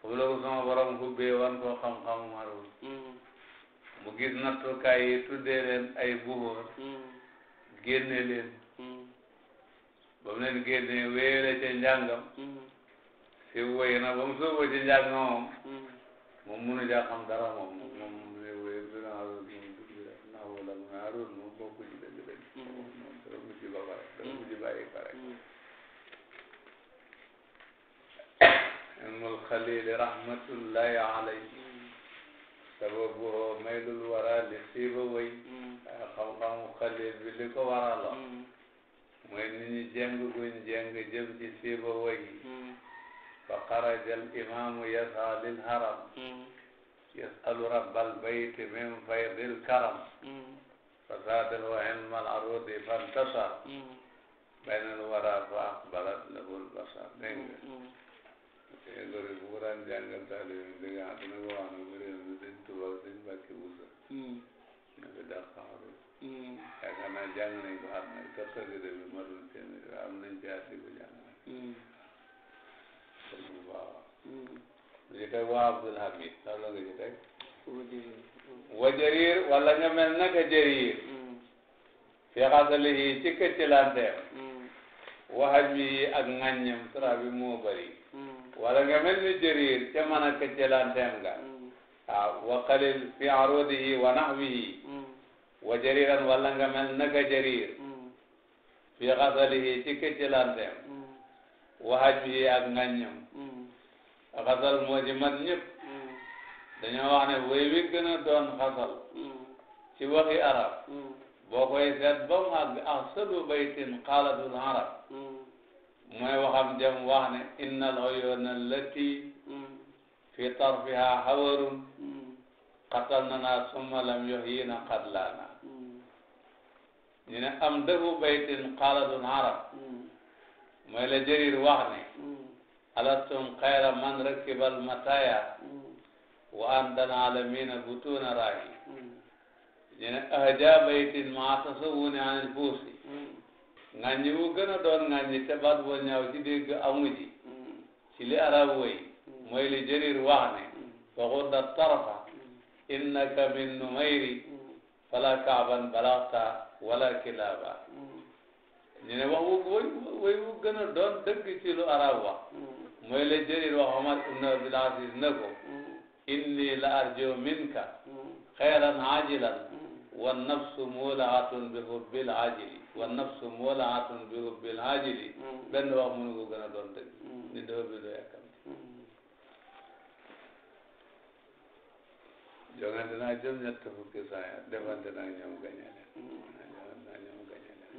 S2: foofu la ko sama borom xubbee wan koo xam-xam marul mu gis nattukaay yi tuddee leen ay buhóor génne leen ba mu leen génnee wéere ca njàngam si wéy na ba mu sóoboo ci njàng moom
S1: mm-hmm. moom mënu jaa xam
S2: dara mu ne wéy bi na aroon moom dugg na wala mu ne aroon moom bokku ci dëgg dëgg mm-hmm. moom dara mujj ba pare dara mujj bàyyi pare mm-hmm. ilmul xalil rahmatullahi alayhi sababuhu maylul wara li siiba wéy xam-xamu xalil mooy ni ñu jeng guñ jeng jëm ci siiba wagi hmm. fa xaraja al imaamu yasaa haram hmm. yasalu rabbal bayti min faydil karam hmm. fa zaadahu ilmal arudi fantasar baynal wara fa aqbalat lahul basar dégg nga léegi bu ko daan jàngal taalim yi dégg nga dina ko wax ne bu réew mi dañ tubaab dañ bàkki wusa na fi yaakaar naa jàng nañ ko xam ne te xasida bi matul téeméer waaye am nañ ci at di ko jàng. kon mu baax. li ci teg waa Abdul Hamid lan la nga ci teg. wa jarir wala nga mel naka jarir. fi xasalihi ci këccilanteem. waxaj mi ak ŋàññam sura bi moo bëri. wala nga mel ni jarir ca mën a këccilanteem nga. ah wa qalil fi arodihi wa naxwihi wa jariran walla nga mel naka jarir fi xasalihi ci këccilanteem waxaj bi ak ngaññam xasal moo ci mat ñëpp dañoo wax ne way wi gën a doon xasal ci waxi arab boo koy seet ba mu àgg ahsanu baytin qaalatul arab mooy waxam jëm wax ne inna al uyuuna allati fi tarfiha hawarun qatalnana summa lam yuhyina qatlaana ñu ne am dahu baytin xaaladun arab mm. mooy la jarir wax ne mm. alastum xayra man rakibal mataya mm. wa andan alamina butuna rahi ñu ne ahja baytin maa tasawuni anil fuusi ŋàññi bu gën a doon ŋàññi te baat boo ñaaw ci dégg amu ci li arab woy mooy li jarir wax ne fa xudda tarfa innaka min numayri fala kaaban balagta wala kilaaba ñu ne wax wu way way gën a doon dëgg ci lu arab wax mooy la jëriñ wax Omar ibn Abdul Aziz ne ko inni la arjo minka xayran ajilan wa nafsu muulaatun bi hubbil ajili wa nafsu muulaatun bi hubbil ajili benn wax mënu ko gën a doon dëgg ni dafa bindoo yàkkamti jongante naa jëm ñett fukki saa defante naa ñoom gañale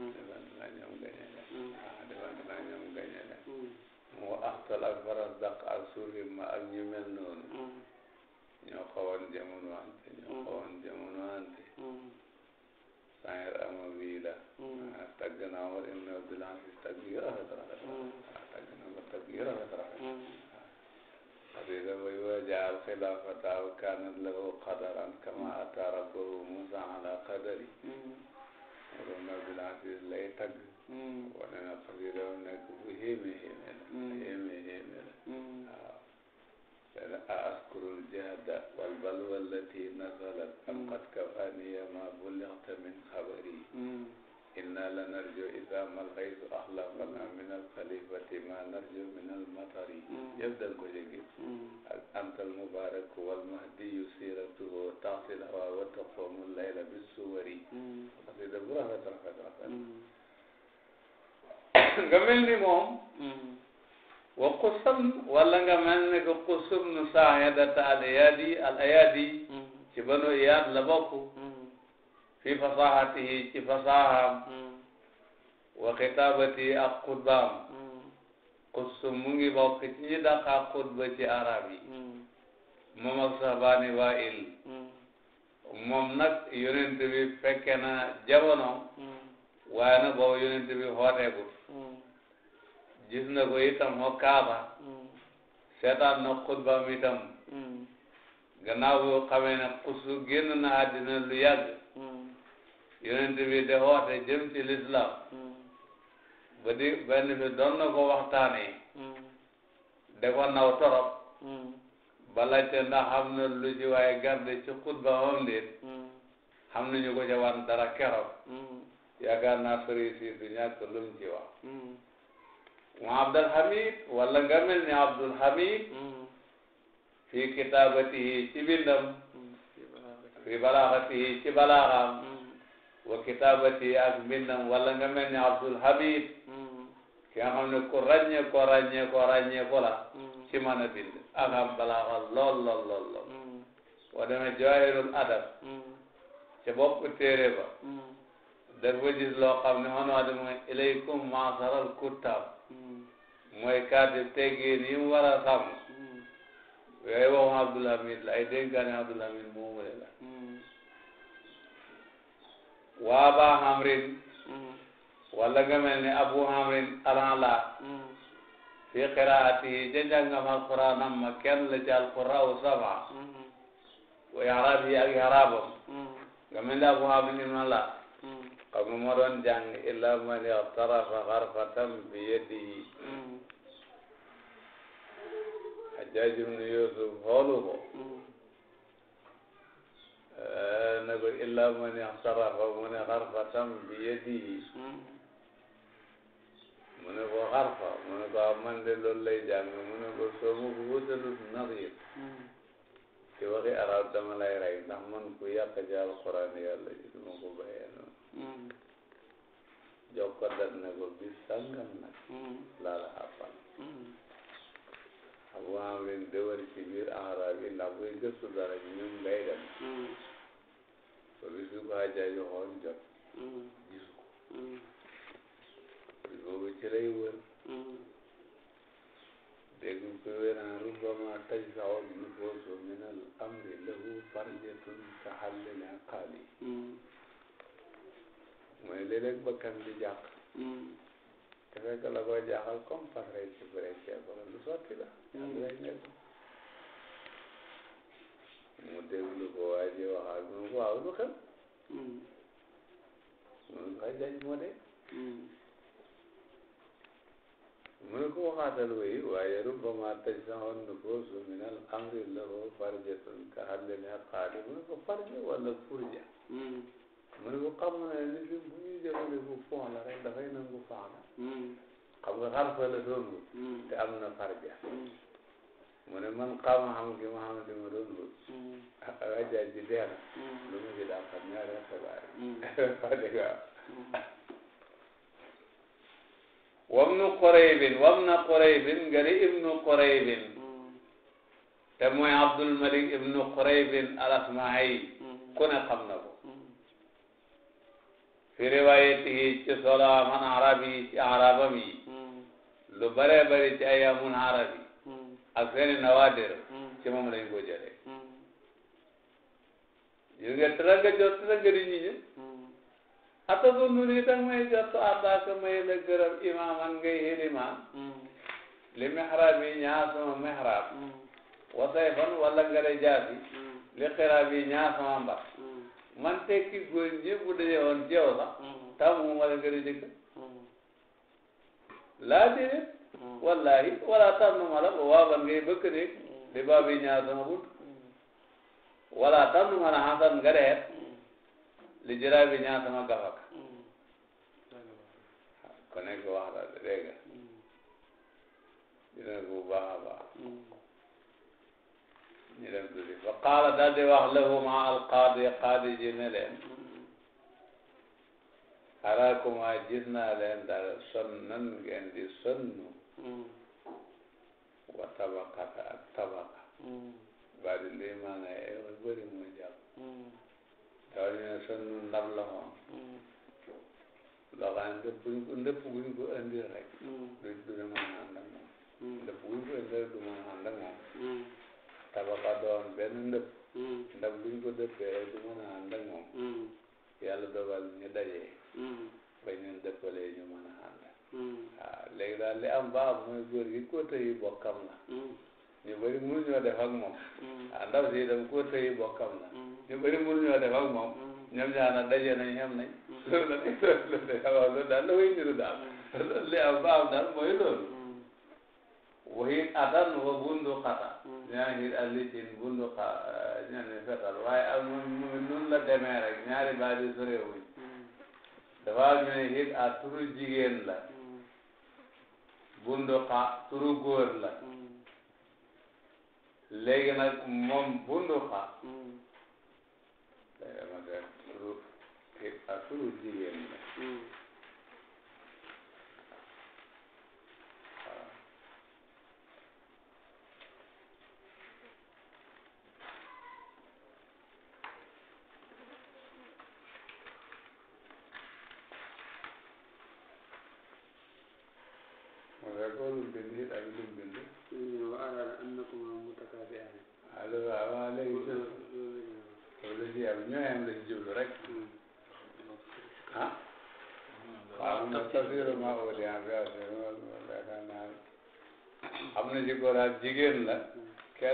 S2: defantana ñoom gañe la defantana ñoom gañe la mu axtal ak barazak ak suurima ak ñu mel noonu ñoo xawoon jamono ante ñoo xawoon jamono ante sangir amawi la tagg naa Umar ibn Abdul Aziz tagg yu rafet rafet tagg na ko tagg yu rafet rafet xadisa bay wajaal xilaafata kaanat lahu qadaran kama ataa rabbahu Musa ala qadari borom Abdul Aziz lay tagg wane na xasida am nekk bu xéeme xéeme la xéeme xéeme la waaw a askurul jahda wal balwa allati nazalat am qad kafaniya ma bulighta min xabari inna la narju izaamal xaysu axlafana min al xalifati ma narju min hmm. hmm. al matari yëpp da nga ko jege ak antal mubarak wal mahdiyu siratuhu taxsil hawa wa taqoomu layla bi suwari xasida hmm. bu rafet rafet rafet nga mel ni moom wa qusam wala nga mel ni ko qusum nu saayadata al ayadi al ayadi ci banu iyaad la bokk
S1: fi fasahatihi ci fasahaam
S2: wa xitaabati ak xutbaam
S1: xussum mu ngi bokk ci ñi dàqa xutba ci arab yi
S2: moom nag yonent bi fekke na jamono waaye nag boobu yonent bi xooteegul gis na ko itam xo kaaba na xutbaam itam gannaaw boo xamee ne na àddina lu yonent bi de woote jëm ci lislaam hmm. ba di benn ko waxtaane hmm. de ko naw torop hmm. ba laajte ndax xam na lu ci waaye garde ci xutba moom déet xam nañu ko ca wan dara keroog yaakaar naa fëri si du ñàkk lum ci wax mu Abdul Hamid wala nga ni Abdul Hamid fi kitaabatihi ci bindam fi balaaxatihi ci balaaxam wa kitaabati ak mbindam wala nga mel Abdul Habib. Mm-hmm. ki nga xam ne ko ràññee ko ràññee ko la. Mm-hmm. ci mën a bind ak am balaaxa lool lool lool lool. Mm-hmm. boo demee Jawaahirul Adab. ca bopp téere ba. dafa gis loo xam ne man waa de mooy ilaykum maasaral kuttab. mooy kàddu teggin yi mu war Abdul Hamid la ay Abdul Hamid moomu la. waa Aba Hamrin. Mm-hmm. wala nga ni Abu Hamrin Alala. Mm-hmm. fi qiraatihi ca njàngam alquranam ma kenn la ca alquraaw saba. Mm-hmm. wa iraab yi ak iraabam. nga mel ni Abu Hamrin ibn Alala. xam nga moo doon man iqtarafa xarfatan bi yadihi. Hajjaaj ibn Yusuf xoolu ko. na ko illaa man ixtarafa mu ne xarfatan bi yadihi mu ne ko xarfa mu ne ko man de loolu lay jàng mu ne ko soo ma ko wutalut nadir ci arab dama lay rey ndax ku yàq ci alquran yàlla ji duma ko bàyyee
S1: noonu
S2: jox ko dat ne ko bis sàngam nag laa la xàppal ak waa am leen dëwër ci biir arab yi ndax buy gëstu dara ñoom ngay dem ba bis bi ko Hadj Hadj waxoon jot. gisu ko. bis boobu ci lay wër. dégg nga koy wéran rubbama tajzau nufuusu min al amri lahu farjatun ka hallil aqali. mooy léeg-léeg bakkan di jàq. te fekk la ko jaaxal comme parce que ci bëre ceeb wala lu sotti la. mu déglu ko waa ji waxaat mu waaw lu xew mu ne ko Hajjaaj moo de hmm.
S1: mu ne ko waxaatal woy waaye rubbama
S2: tajtahidu nufuusu min al amri lahu farjatun ka haddil iqaali mu ne ko farja wala furja hmm. ko xam ne ni fi bu ñuy jëfandiku fond la rek dafay nangu faana hmm. xam nga xarfa la doon te am na farja mu ne man xam-xam gi ma xam ne ma doon wut. waaye jaay ji dee na. Mm. lu mu ci daal xam ñaari at
S1: baay. Mm. wax dëgg waaw. Mm.
S2: wam nu Quraybin wam na Quraybin nga di ibnu Quraybin. te mooy Abdul Malik ibnu Quraybin al-Asma'i ku ne xam na ko. fi riwaayatihi ci solo man arab yi ci arabam yi. lu bare bari ci ayamul arab yi. ak seeni nawaadir ci moom lañ ko jëlee yu ngeen tëranga jot tëranga di ñi atago nuni itam may jot àddaka may la gërëm imaaman ngay xilimaan li mihraab yi ñaa sama mihraab wa sayfan wala nga de jaabi li xiraab yi ñaa sama mbar man tekki góor ñëpp bu daje woon jeew sax tamu ma la nga de jëkk laa déedéet Mm. wallahi wala tannu malam o waaban ngay bëkk néeg mm. li baabi ñaar sama bunt mm. wala tannu mala hasan nga reet li jiraabi ñaar sama gafak ko nekk wax la dégg nga dina ko bu baax a baax ñu dem tuuti fa qaala daal di wax lahuma alqaadi qaadi ji ne leen xaraakuma gis naa leen daal sonnan ngeen di sonnu Mm. wa tabaqata ak tabaqa mm. baati luy maa nga ee wal bëri moo jàpp dafa mm. ñu ne sonn ndab la moom loo xam ne ndëpp guñ ko ndëpp guñ ko indi rek du du ne mën a ànd ak moom ndëpp guñ ko indi rek du mën a ànd ak moom tabaqa doon benn ndëpp ndab luñ ko dëppee rek du mën a ànd ak moom yàlla dogal ñu dajee bañ leen dëppalee ñu mën a ànd waaw léegi daal li am baax mooy góor gi ko tëyi bokkam la ñu bëri mënuñoo def ak moom waaw ndaw si itam ko tëyi bokkam la ñu bëri mënuñoo def ak moom ñoom ñaar nag daje nañ xam nañ loolu la loolu daal la koy niru daal li am baax daal mooy loolu waxit atan wa bundu xata ñaa ngir alitin bundu xa ñaani fetal waaye am moom noonu la demee rek ñaari baat yi sorewuñ dafa am ñu ne hit a ah, turu jigéen la bunduxa turu góor la léegi nag moom bunduxa léegi nag turu ah, jigéen la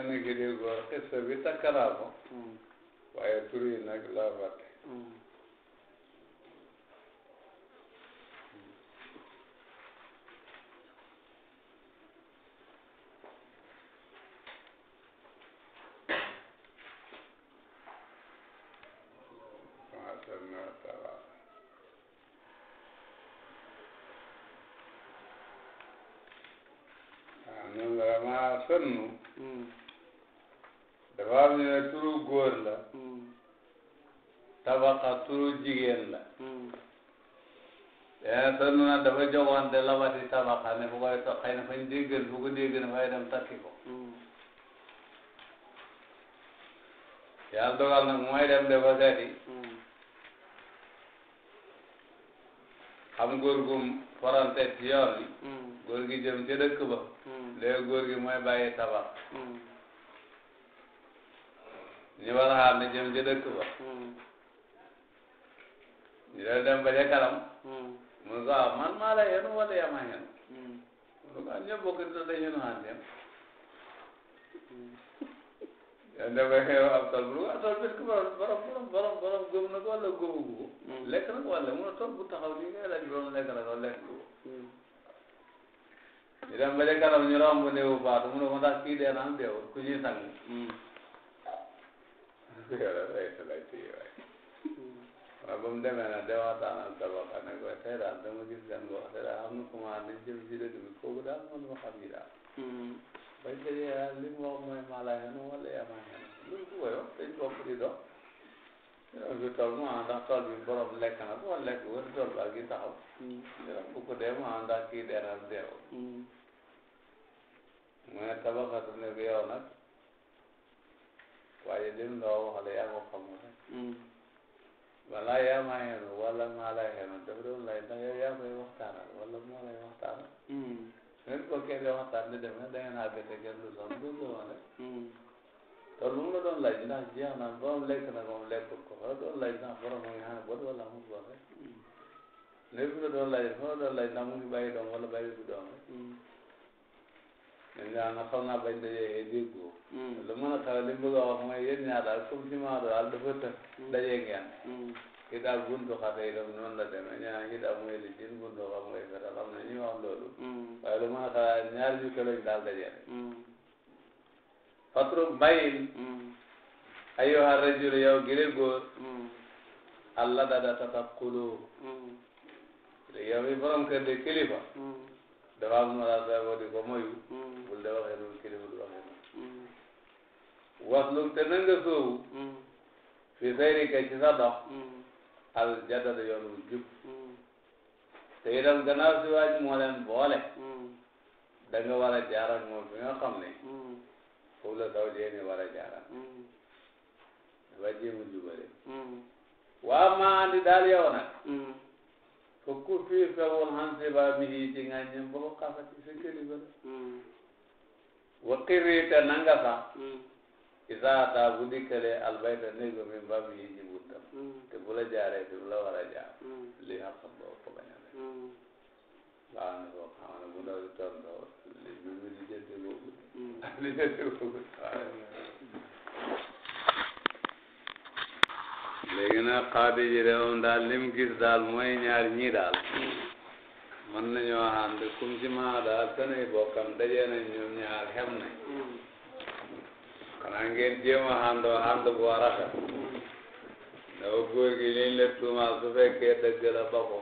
S2: kenn gi di góor xissa bi takk naa ko waaye hmm. tur yi nag laa fàtte kon hmm. turu jigéen la. yaa sonn na dafa jogoon de labati tabaxa ne bu koy toog xëy na fañ déggal bu ko déggal fay dem takki ko. Hmm. yàlla dogal nag mooy dem de ko seeti. Hmm. xam góor gu farante ci yoon bi. Hmm. góor gi jëm ca dëkk ba. léegi góor gi mooy bàyyi tabax.
S1: ñu war a xam ne jëm ca dëkk
S2: ba. ñu doon dem ba ca kanam. mu ne ah man maa la yenu wala yaa ma yenu. mu ne ah ñëpp bokk na dañu yenu ànd yem. ñu dem ba xew ab tool bu ab tool bi ku borom borom borom borom góob na ko wala góobu ko. lekk na ko wala mu ne tool bu taxaw nii ngay laaj borom lekk na ko lekk ko. ñu dem ba ca kanam ñu romb néew baatu mu ne ko ndax kii dee naan deewul ku ñuy sang. waaye ba mu demee nag de waxtaan ak tabaxa ne ko tey daal dama gis gan boo xam ne daal am na comment nañ jëm ci dëkk bi kooku daal man ma xam yi daal. bañ ko yee li mu wax mooy maa lay xenu wala yaa maa xenu loolu ku koy wax dañ bokk di dox. loolu du tool mu ah ndax tool bi borom lekk na boo lekk wala tool baa ngi taxaw. loolu bu ko dee mu ah ndax kii dee na deew. mu ne tabaxatu ne ko yow nag waaye lim la wax la yaa ko xamul rek. wala yaa maa yenu wala maa lay yenu daf doon lay ndax yow yaa may wala moo lay waxtaanal. su ngeen ko kee de waxtaan ne dem na da ngeen a bette kenn du sonn du sonn rek. te lu mu la doon laaj ndax jeex na borom lekk na moom lekkul ko fa la doon laaj ndax borom mu ngi xaar bot wala amul bot rek. léegi la doon laaj fa la doon laaj ndax mu ngi bàyyi wala bàyyi du doom rek. dañu na xam naa bañ dajee déggoo. lu mën a tax li mu a wax mooy yéen ñaar daal comme ciment daal dafa tënk. daje ngeen. kii daal buntu xase yi tam noonu la demee ñaar kii daal mooy li jën buntu xam mooy fetal xam na ñuy wax loolu. waaye lu mën a tax ñaar ñu ko lañ daal daje. Fatru bàyyil. ayyuha rajul yow gire góor. Allah dada tatakulu. yow mi borom kër de kilifa. dafa nu la doy boo di ko moyu. Mm. bul de waxee noonu kii di bul waxee noonu. Mm. waslum te na nga soowu. Mm. fi sayri ka ci sa dox. al jadal yoonu jub. te itam gannaaw si waaj moo leen boole. da nga war a jaar ak moom fi nga xam ne. foofu la taw jee ni war a jaar ak. dafa jéem waa maa andi daal yow nag. ko ku fi fewul hansi ba bihi ci nga ñem ba ko kafa ci sa këli ba wa qirri te nanga sax isa ta bu dikkale albayta négo min ba bihi ci wuttam te bu la jaaree te bu la li xaqam ba ko bañ baa ne ko xam ne bu ndaw di tontoo li bi mu di jënd boobu li jënd boobu léegi nag xaadi ji de moom lim gis daal mooy ñaar ñii daal mën nañoo ànd kum ci maa daal tanay bokkam daje nañ ñoom ñaar xem nañ xanaa ngeen jéem a àndoo ànd boo rafet ndaw góor gi liñ la tuumaal su fekkee dëgg la ba ko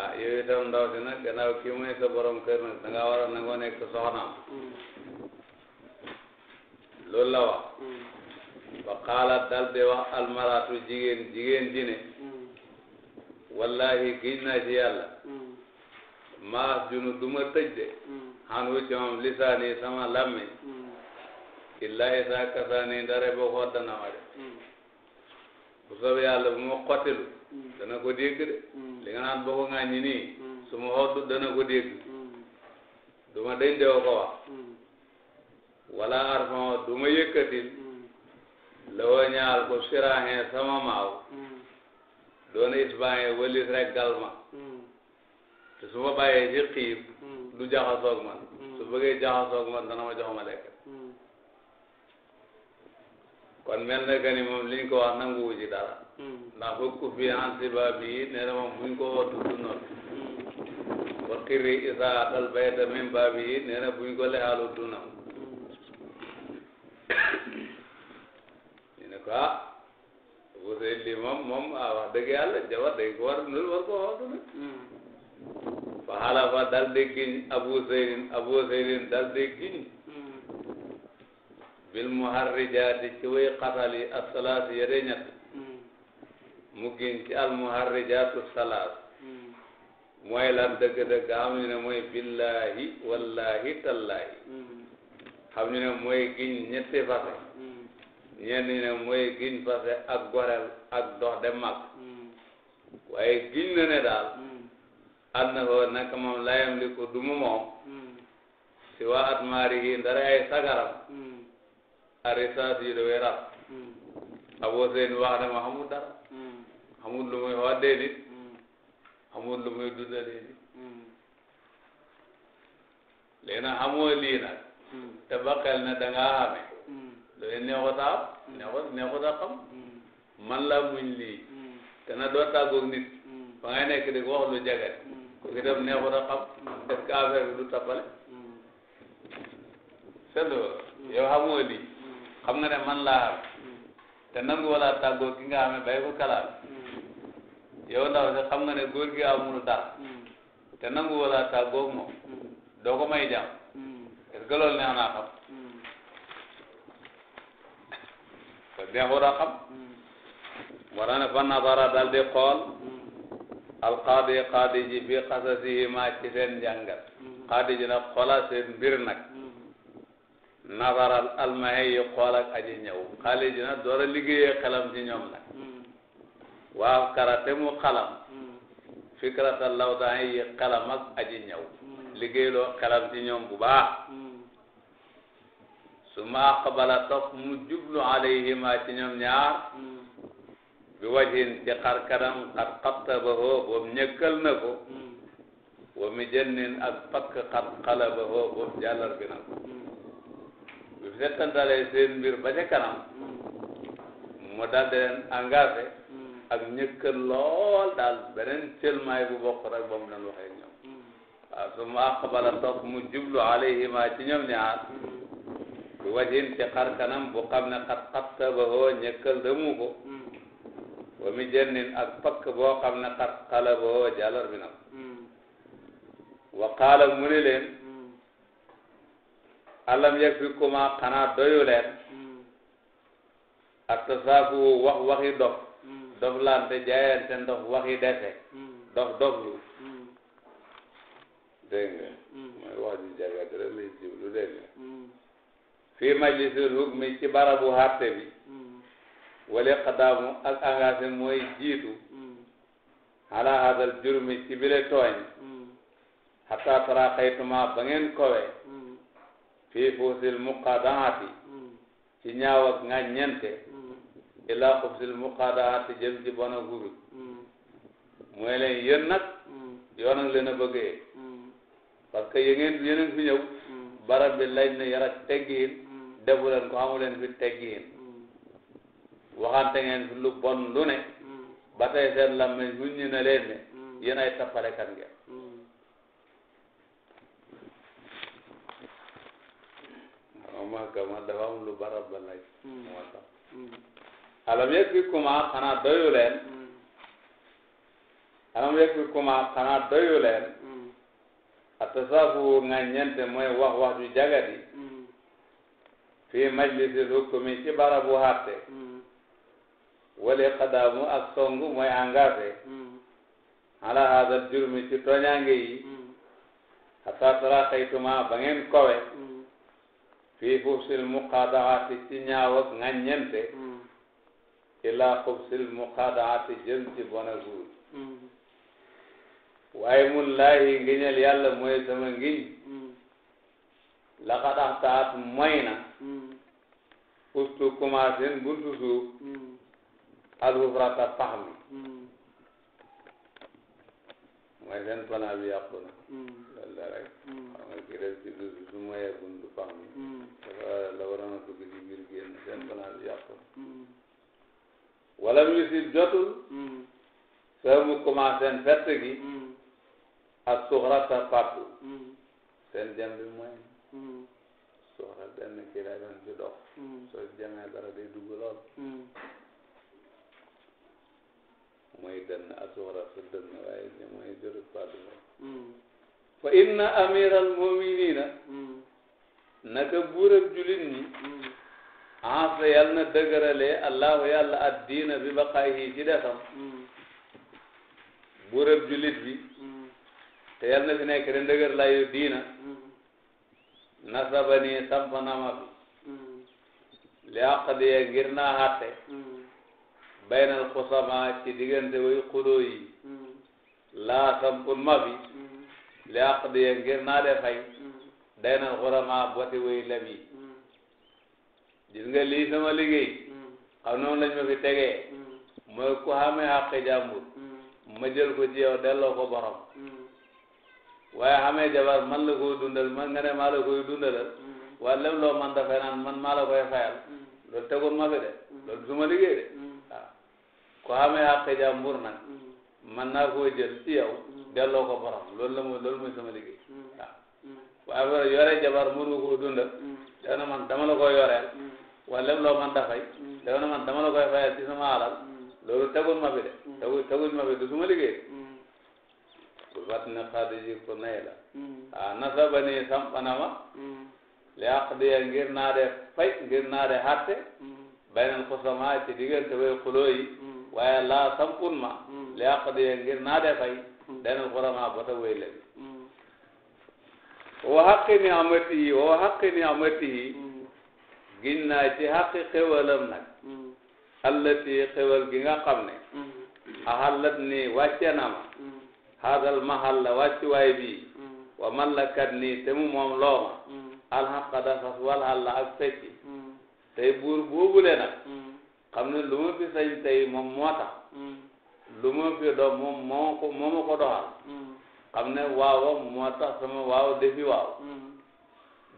S2: ah yow itam ndaw si nag gannaaw kii mooy sa borom kër nag nga war a nangoo nekk soxnaam loolu fa qaalat dal de wax almaratu jigéen jigéen ji
S1: mm.
S2: wallahi giñ naa ci yàlla mm. maas junu duma tëj de mm. xan wu ci moom lisaani sama làmmiñ illaahi saa kasaani ndare boo xoot dana ma de bu soobee yàlla bu ma xottilu dana ko dégg de li nga naan boo ko ŋàññi nii su dana ko dégg duma deñ de ko wax wala arfan duma yëkkatil lawoo ñaal ko siraaxee sama maaw hmm. doon isbaaxee walis rek gal ma hmm. te su ma bàyyee ci xiib hmm. du jaxasoog man su bëggee jaxasoog man dana ma jox ma kon mel na que moom liñ ko wax nanguwu dara ndax fukk fi ansiba bi nee na moom buñ ko woo tudd noonu wa xirri isaatal bayta min baabi nee na buñ ko lexaalu dunam ko ah sey lii moom moom ah wax dëgg yàlla jabar dañ ko war nul war ko xool nag hmm. fa xalafa dal di giñ abu seyrin abu seyrin dal di giñ hmm. bil muharrijaati ci way xatal yi salaas yi yëre ñett hmm. mu giñ ci al muharrijaatu salaas mooy lan dëgg-dëgg xam ñu ne mooy billahi wallahi tallahi xam ñu ne mooy giñ ñetti façon ñenn ñi ne mooy giñ fase ak gorel ak dox dem mag hmm. waaye giñ ne daal ànd na ko naka moom layam ko dumu moom hmm. si waa maari yi ndara ay sagaram hmm. arisaas yi dafay rab aboo seen wax ne ma xamul dara xamul lu muy xoddee nit xamul lu muy dundalee lii nag te ba xel ne dangaa xame lu leen neexut a am mm. neexut neexut mm. man laa muñ lii mm. te na doo tàggoog nit fa ngay nekk di ko wax lu jagat kooku itam neexut a xam est-ce que affaire bi du nga ne man laa am te nangu wala tàggoo ki nga xam ne bay ko kalaam yow ndaw si xam nga ne góor gi amul dara te nangu wala tàggoo moom doo ko may jàmm est-ce que te neexut a xam moo tax ne fa nabara dal di xool alqaadi qaadi ji bi xasasihima ci seen njàngat qaadi ji nag xoolal seen mbir nag nabaral almahe yi xool aji ñëw xaali ji nag door a liggéeyee ci ñoom nag waaw karate mu xalam fikratal lawdaan yi xelam ak aji ñëw liggéeyloo xelam ci ñoom bu baax suma aqbala topp mu jublu alayhima ci ñoom ñaar bi wajhin ci xar kanam xat xattabaho boobu ñëkkal na ko wa mi jënnin ak pakk xat xalabaho boobu jàllar bi na ko bi fi settantalee seen mbir ba ca kanam mu daldi leen engagé ak ñëkkal lool daal beneen cëlmaay bu bokk rek ba mu doon waxee ñoom waaw suma aqbala topp mu jublu alayhima ci ñoom ñaar bi wajin ci xar kanam bu xam ne xat xatta ba hoo ñëkkal dëmu ko wa mi jënnin ak pakk boo xam ne xat xala ba hoo jalar bi nam wa qaala mu ne leen alam yëg fi kuma xanaa doyu leen ak tasaafu wax waxi dof dof lante jaayante ndox waxi defe dof dof lu dégg nga mooy wax ji jaga dara lay jiblu fii majlisul hukmi ci barabu harte bi mm. wala xadaamu ak engagé mooy jiitu mm. ala hadal jurmi ci bile tooñ xataa mm. tara xaytuma ba ngeen kowe fii fuusil muqadaati ci ñaaw ak ŋàññente ilaa xubsil muqadaati jëm ci bona guru mooy leen yéen nag yoon ak leen a bëggee parce que yéen ngeen yéen ñëw barab bi laaj yarak teggiin defu ko amu leen fi teggiin mm. waxante bon lu ne mm. ba tey seen làmmiñ bu ñu ne leen ne mm. yéen ay tappalekat ngeen mahkama dafa am alam yëg fi kuma xanaa doyu leen alam yëg fi kuma xanaa doyu leen a tasaafu nga ñeente mooy wax fii majlisil hukmi ci barabu hàtte wale xadaamu ak songu mooy engagé ala hadal jurmi ci toñaange yi xata taraxaytuma ba ngeen kowe fii xubsil muqadaati ci ñaaw ak ŋàññente ila xubsil muqadaati jëm ci bona guur waaye mun laahi ngiñal yàlla mooy sama laqad axtaat mooy na. Hmm. ustu kuma seen buntu suuf. Hmm. alxufrata pax mi. Hmm. mooy seen na. loolu la rek. xam nga kii rek ci suuf su mooyee buntu pax mi. dafa la waroon na. wala mu si jotul. soo mu gi. ak suxrata fàttu. seen jëm bi mooy. ne benn kii lay doon ci dox. Mm. soo dara day dugg lool. mooy mm. dënn asura sa dënn waaye ñu mooy jërut pàddu mm. amiral muminina naka buur julit ñi ansa yàlla na dëgëralee allahu yàlla addiina bi baqaayi ci defam buur julit bi te yàlla na nekk de dëgër laayu diina nasabani sampa na ma fi hmm. li aqdiya ngir naa xatte hmm. baynal xusama ci diggante way xudoo yi hmm. laa sampun ma fi li aqdiya ngir naa de fay daynal xurama boti way lem yi gis nga lii sama liggéey xam noonu lañ ma fi tegee mooy ku xamee ma jël ko ci yow delloo ko borom waaye xamee jabar man la koy dundal man nga maa la koy dundalal mm-hmm. waaye loo man dafay naan man maa la koy fayal mm-hmm. loolu tegul ma fi de
S1: mm-hmm. loolu
S2: du de waaw ku xamee àq nag man naa koo jël ci yow delloo ko borom loolu la mooy loolu mooy sama liggéey waaw waaye yore jabar mënu koo dundal def na man dama la koy yoreel loo man dafay def man dama la koy fayal ci sama alal ma fi de tegul ma fi de du su batni xadiji ku nay la hmm. ah nasaba nii sampanama hmm. li aqdiya ngir naa de fay ngir naa de xatte hmm. baynal xusama ci diggante way xuloo yi waaye laa sampun ma li aqdiya ngir naa de fay danal xurama bata way lebi wa xaqi ni amati yi wa xaqi ni amati yi giñ naa ci xaqi xewalam nag allati xewal gi nga xam ne axallat ni wàcce na ma haadal mahal la wàccuwaay bi mm. wa mallakat nii te mu moom looma mm. alxaqa dafa wal halla ak fecci mm. tey buur boobule nag xam ne lu ma fi sañ tey moom moo tax lu ma fi do moom moo ko moo ma ko doxal xam ne waawam moo tax sama waaw defi waaw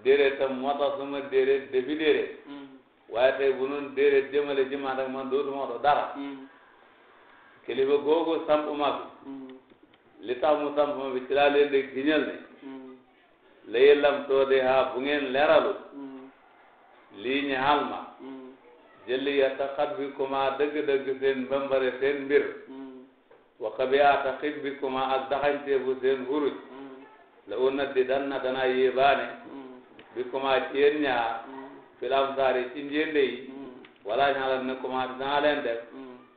S2: déedéet tam moo tax sama déedéet defi déedéet waaye tey bu noonu déedéet jëmale ci man ak man dootuma do dara kilifa googu samp ma fi li tax mu samp bi ci laa leen di giñal ne hmm. layi lam too de ha bu ngeen leralu hmm. lii ñi xal ma hmm. jëli yata xat bi kuma dëgg-dëgg seen mbambare seen mbir waxa bi aata xit bi kuma ak daxañteebu seen xuruj la una di dan na danaa yéebaane bi kuma ci yéen ñaar filam saari ci njéende yi wala ñaalan ne kuma dinaa leen def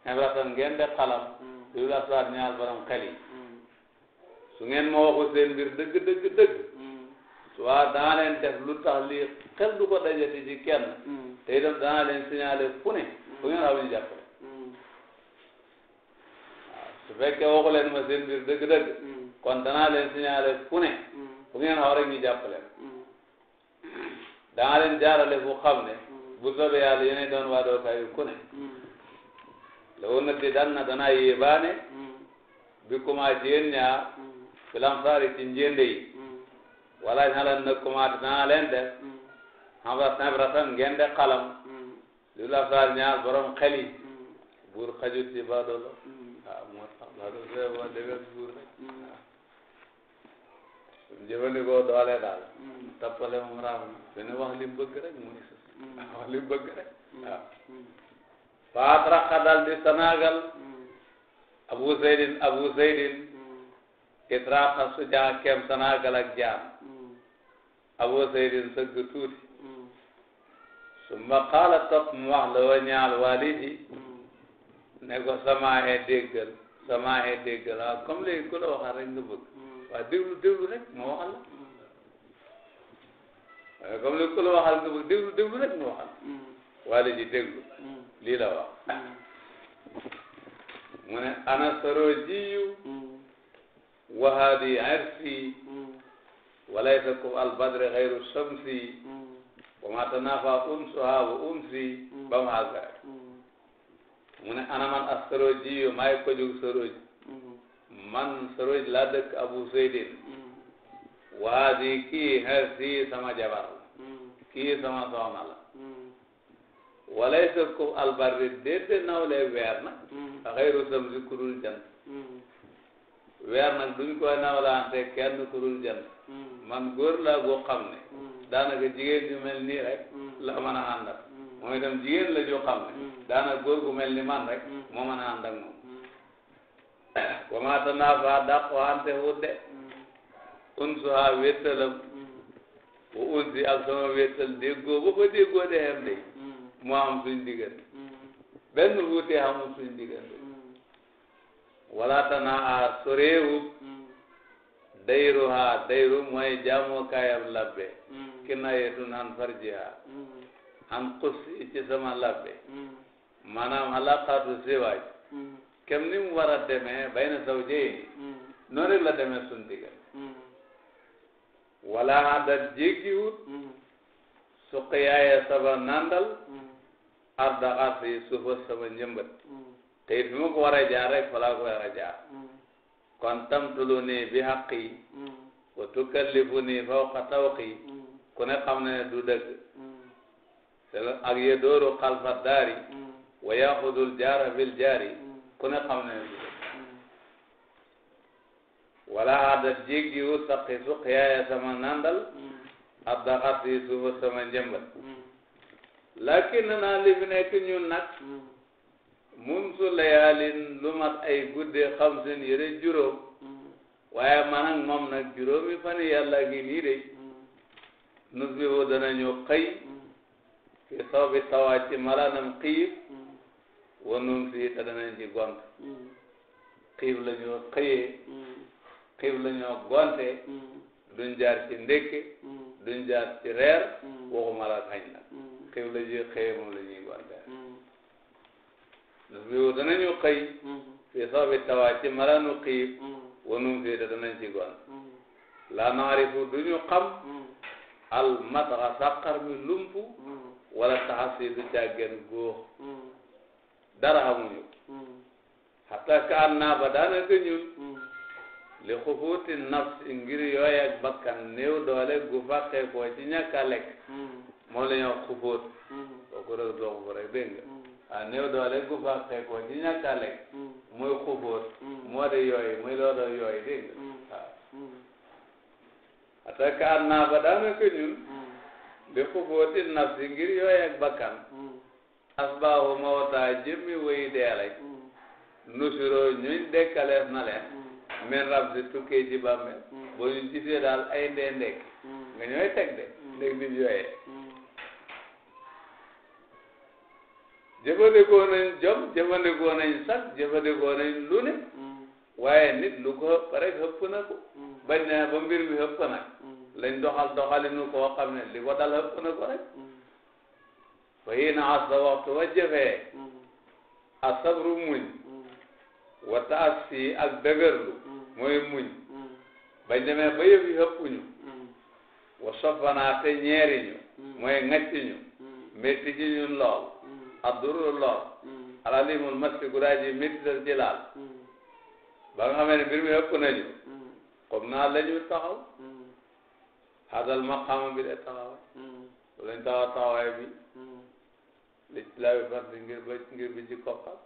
S2: xemratan ngeen de xalam lu la saat ñaal baram xel su ngeen ma waxu seen mbir dëgg dëgg dëgg soit danaa leen def lu tax lii du ko dajati ci kenn mm. te itam danaa leen signaler fu ne mm. fu ngeen xam ñu jàppale mm. waaw su fekkee waxu leen ma seen mbir dëgg dëgg kon danaa leen signaler fu ne ngeen xaw rek ñu jàppale danaa leen jaarale fu xam ne bu soobee yàlla yéenay doon waa doo kayu ku ne la woon na di bi kuma ci yéen filam saari ci njéende na kumaat naa leen def hmm. xam nga sembrasan ngeen de xalam hmm.
S1: li la saar ñaar borom xel yi hmm.
S2: buur ci baadolo waaw ah, moo tax baadolo ma déggal buur rek waaw ah. jëfandikoo doole daal tappale mu bëgg rek mu ni wax mu bëgg rek waaw ah. faat raqa daal di sanaagal abu zeydin abu zeydin israaf na su jaa kem sanaagal ak jaam hmm. aboo saydin sëgg tuuti hmm. summa mu wax la wa ñaal hmm. ne ko sama he déggal sama he déggal waaw ah, comme léegi ku la waxal rek nga bëgg waaw déglu déglu rek ma waxal la waaw ah, comme léegi ku la waxal nga bëgg déglu déglu rek ma waxal walidi déglu lii la wax mu ne ana وهذه عرسي وليس كالبدر غير الشمس وما تنافى أنسها وأنسي ba mu àgg rek mu ne ana man astrologie yu maay soroj man soroj laa Abu Seydin waadi kii xersi sama jabar la kii sama soxna la walay sa ko albarri déedéet naw lee weer na xayru sam si kudul weer nag duñ koy nawlaante kenn ku dul jant hmm. man góor laa goo xam ne hmm. daanaka jigéen ju mel nii rek hmm. la mën a àndal moom itam jigéen la joo xam ne daanaka góor gu mel ni man rek moo mën a ànd ak moom wamaata naa faa dàq wante wudde unsuha wéttalam wa unsi ak sama wéttal déggoo ba fa déggoo de xem de mu am suñ diggante benn wuute amul suñ diggante wala tanaa soreewub dayruha dayru mooy jaamukaayam labbe kinaayatun an farjiha an xusi ci sama labbe maanaam alaqaatu siwaaj kem ni mu war a demee bayna zawjayni noonu rek la demee suñu digal wala adal jéggiwut suqiyaaya saba nandal arda ardi suufa sama njëmbat te fi ma ko war a jaar rek fa laa ko war a jaar kon tamtuluni bi haqqi wa tukallifuni fawqa tawqi ku ne xam ne du dëgg ak ye dooru xalfa daari wa yaxudul jaara bil jaari ku ne xam ne du dëgg wala adat jéggi wu saqi suqiyaaya sama nandal ak daxat yi suufa sama njëmbat lakin naa li fi nekk ñun nag mun su layaalin lu mat ay guddee xam seen yére juróom waaye man ak moom nag juróomi fan yàlla ngi nii de nus bi bu danañu xëy fi saw bi sawaa ci malaanam xiif wanum si te danañ ci gont xiif la ñoo xëyee xiif la ñoo gonte duñ jaar ci ndékke duñ jaar ci reer waxuma la xañ nag xiif la ñuy xëyee moom la ñuy gonte nusbihu danañu xëy fii soobi tawaa ci malaanu xiif wa numsi te danañ ci gon la naarifu duñu xam al mataxa sàqar mi lumpu wala taxasi du càggeen góox dara xamuñu xataa ka an naa ba
S1: ñun
S2: li xufuuti nafs ngir yooy ak bakkan néew doole gu fàqee koo ci ñàkk a lekk moom la ñuy wax xufuut boo ko ah néew doole gu baaxee ko ci ñàkk a lekk mm. mooy xubóot mm. moo di yooyu muy loolu yooyu dégg nga mm. waaw atakaan naa ba daanaka ñun bi xubóoti nafsi ngir yooyu ak bakkan asbaahu mawtaa jëmmi wéy dee lañ nusuro ñuñ dekkaleef na leen men rab si tukkee ci bàmmeel boo ñu gisee daal ay ndee ndekki nga ñooy teg de ndeg nit yooyee jëfandikoo nañ jom jëfandikoo nañ sax jëfandikoo nañ lu ne mm. waaye nit lu ko ëpp rek ëpp na ko mm. bañ ne ba mbir mi ëpp nag mm. lañ doxal doxalinu koo xam ne li ko dal ëpp na ko rek fa yéen asa waxtu wa jëfee asabru muñ wa taassi ak dëgërlu mooy muñ bañ demee ba yëf yi ëpp ñu wa sofanaa te ñeeri ñu mooy ngacc ñu métti ci ñun lool abdurul lor mm. alalimul masti guraaji méttital ci laal mm. ba nga xamee ne mbir mi ëpp nañu mm. comme naa la ñu taxaw
S1: hadal maqaama
S2: bi de taxawa lañ taxaw taxawaay bi li ci laabi fardi ngir ba ngir bi ci koppar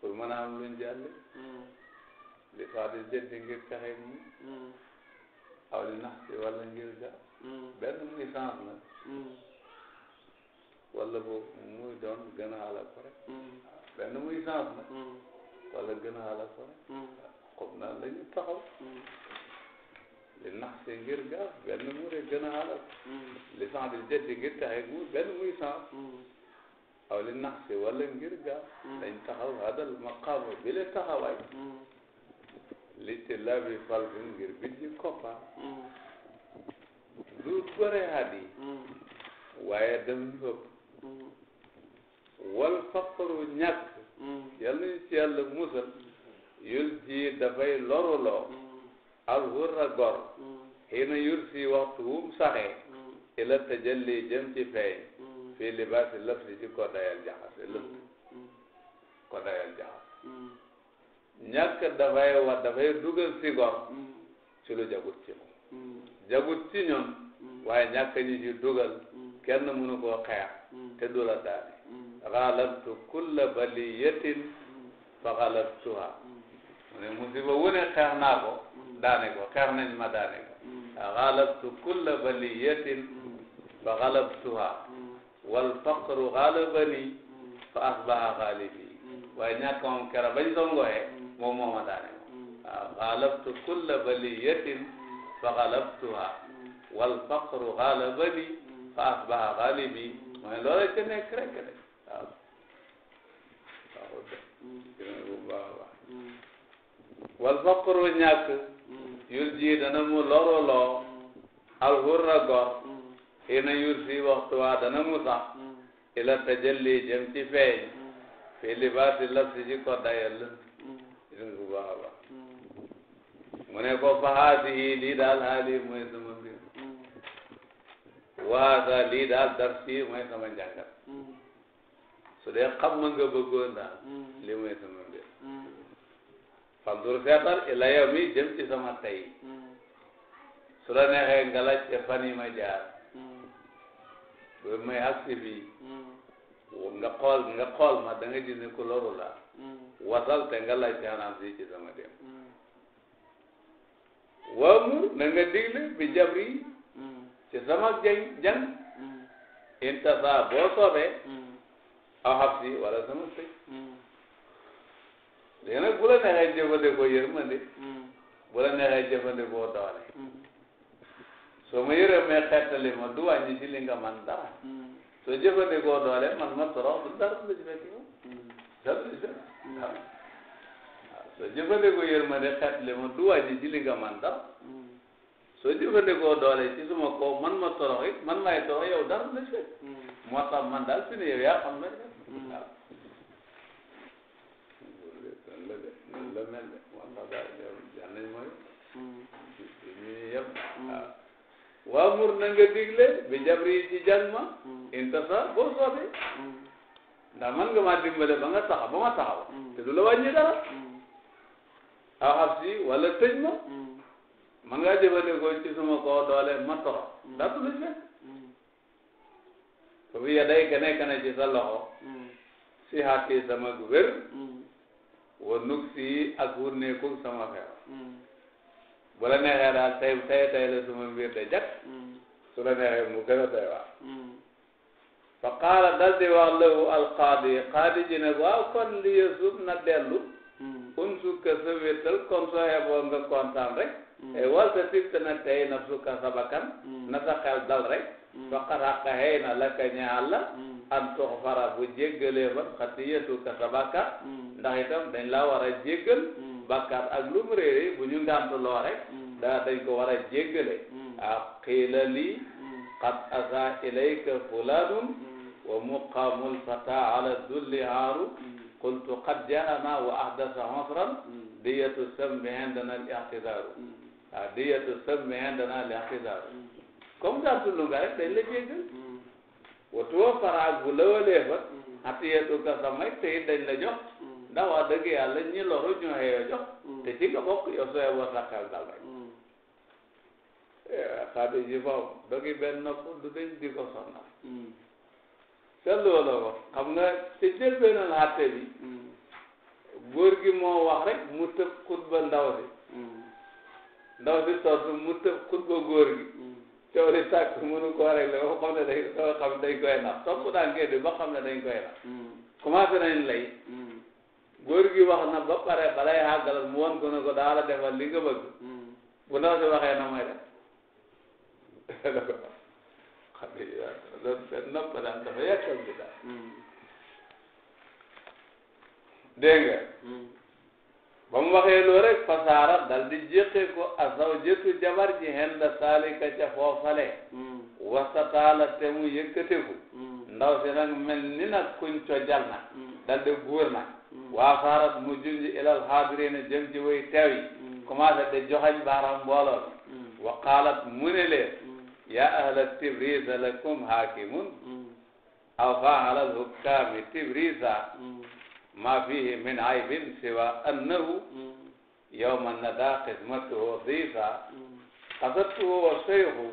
S2: pour mën a am luñ jàlle li faa di jënd ngir pexe mu aw li nax si wala ngir ja benn muy sens la wala boog muy doon gën a ala ko rek. Mm. benn muy chance la. Mm. wala gën a ala ko rek. Mm. xob naa la ñu taxaw. li nax si ngir gaaf benn mu rek gën a ala ko. li chance di jënd ngir taxe mu benn muy chance. li nax si wala ngir gaaf. dañ taxaw hadal maqaama bi la taxawaay. li ci labi fal bi ngir bindi koppa. lu wal faqru ñàkk yal nañu ci yàlla musal yul ji dafay loruloo al hurra gor xiina yur si waxtu wum saxee ila tajalli jëm ci feeñ fii libaasi lëf si ci kodayal jaxase lëf kodayal jaxase ñàkk dafay wax dafay dugal si gor ci jagut ci jagut ci ñoom waaye ñàkk ñi ci dugal kenn mënu koo xeex Hmm. te du la daane hmm. xaalamtu kulla baliyatin fa hmm. musiba wu xeex naa ko daane ko xeex nañ ma daane ko xaalamtu kulla baliyatin fa xalamtuha wal faqru xaalabani fa asbaha xaalibi waaye ñàkk moom keroog bañ songoxee moom moo ma daane ko waaw xaalabtu kulla baliyatin ma loolu ci nekk rek de waaw waaw dina bu baax a
S1: baax
S2: wal faqru ñàkk yur ji dana mu loroloo alxurra si waxtu waa dana mu sax ila tajalli jëm ci feeñ fi libaasi lab si ci ko dayal dina bu baax mu ne ko fa haadihi lii daal haali mooy sama waasa lii daal dars yi mooy sama njàngat mm-hmm. su dee xam nga bëggoon daal mm-hmm. lii mooy sama mbir mm-hmm. fandur seetal ila yow mi ci sama tey su la neexee nga laaj ci fan may agsi fii nga xool nga xool ma da la wasal te nga laaj si ci sama dem waamur na nga digle bi ci sama jëng jëng intasa boo soobee aw xab si wala sama sëy léegi nag bu la neexee jëfandikoo yërmande bu la neexee jëfandikoo doole soo ma yërëmee xettali ma du wàññi ci li man dara soo jëfandikoo doole man ma torox du dara la ci fekk yow dara la ci fekk waaw soo jëfandikoo yërmande xettali ma du wàññi ci li nga man dara soo jëfandikoo doole ci suma kaw man ma torox it man maay torox yow dara
S1: na fekk moo tax man daal fi ne yow yaa xam
S2: na waamur na nga digle bi jabri ci jàng ma intasa boo soobi ndax man nga maa dimbale ba nga taxaw ba ma taxaw te du la dara aw si wala tëj ma man ngaa jëfandikoo ci suma kaw doole ma toro daa tudd ci fekk foofu ya day ka nekk na sa loxo mm. si mm. si ak wurneeku sama xew mm. bu la neexee daal tey tey tey mu gën a doy waar fa di wax lahu alqaadi qaadi ji ne waaw kon li yësub na dellu unsukka sa wéttal comme soo xeboon nga kontaan rek Eh, wal ta sib te nag tey nafsu ka sa bakkan mm. na sa xel dal rek mm. faqat xaqa na la ka ñaal la mm. an tox fara bu jéggalee fa xatiyatu ka sa la war a jéggal bakkaat ak rek daa ko war a jéggale ah qad asa ilayka fulanun wa muqamul fata ala dulli haaru qad jaana wa ahdasa xosran diyatu sambi indana al ixtidaaru ah di yetu sëb mais danaa leexi daal comme gàttu lu nga rek dañ la jéggal watu wa faraag bu lëwalee fa xati yetu ka samay te it dañ la jox ndax wax dëgg yàlla ñi loru ñoo xëyoo te ci nga bokk yow soo yeboo sakkal dal rek xadi ji foofu dogi benn nopp du dañ di ko sonna te loolu ko xam nga ci njëlbeenal xatte bi góor gi moo wax rek mu tëb xutba ndaw ndaw si tontu mu tëb xut ko góor gi coow li tàkk mënu koo rek la ba xam ne day doo xam dañ koy nax topp daan ngeen di ba xam ne dañ koy nax commencé nañ lay góor gi wax na ba pare balay xàggalal mu wan ko ne ko daal a defal li nga bu ndaw si waxee na mooy def xam ne daal dafa yàkkal bi daal dégg nga ba mu waxee loo rek fasaara dal di jéqee ko azawjatu jabar ji hen da saalika ca foofale hmm. wasataala te mu yëkkateku hmm. ndaw si nag mel ni nag kuñ cojal nag hmm. dal di góor nag waa saarat mu junji ji way teew yi commencé de joxañ baaram mbooloo bi wa qaalat mu ne leen yaa ahla tibrisa lakum haakimun aw faa alal hukkaami tibrisa ma fihi min aybin siwa annahu yawma nada xidmatuhu difa xasattuhu wa seyhu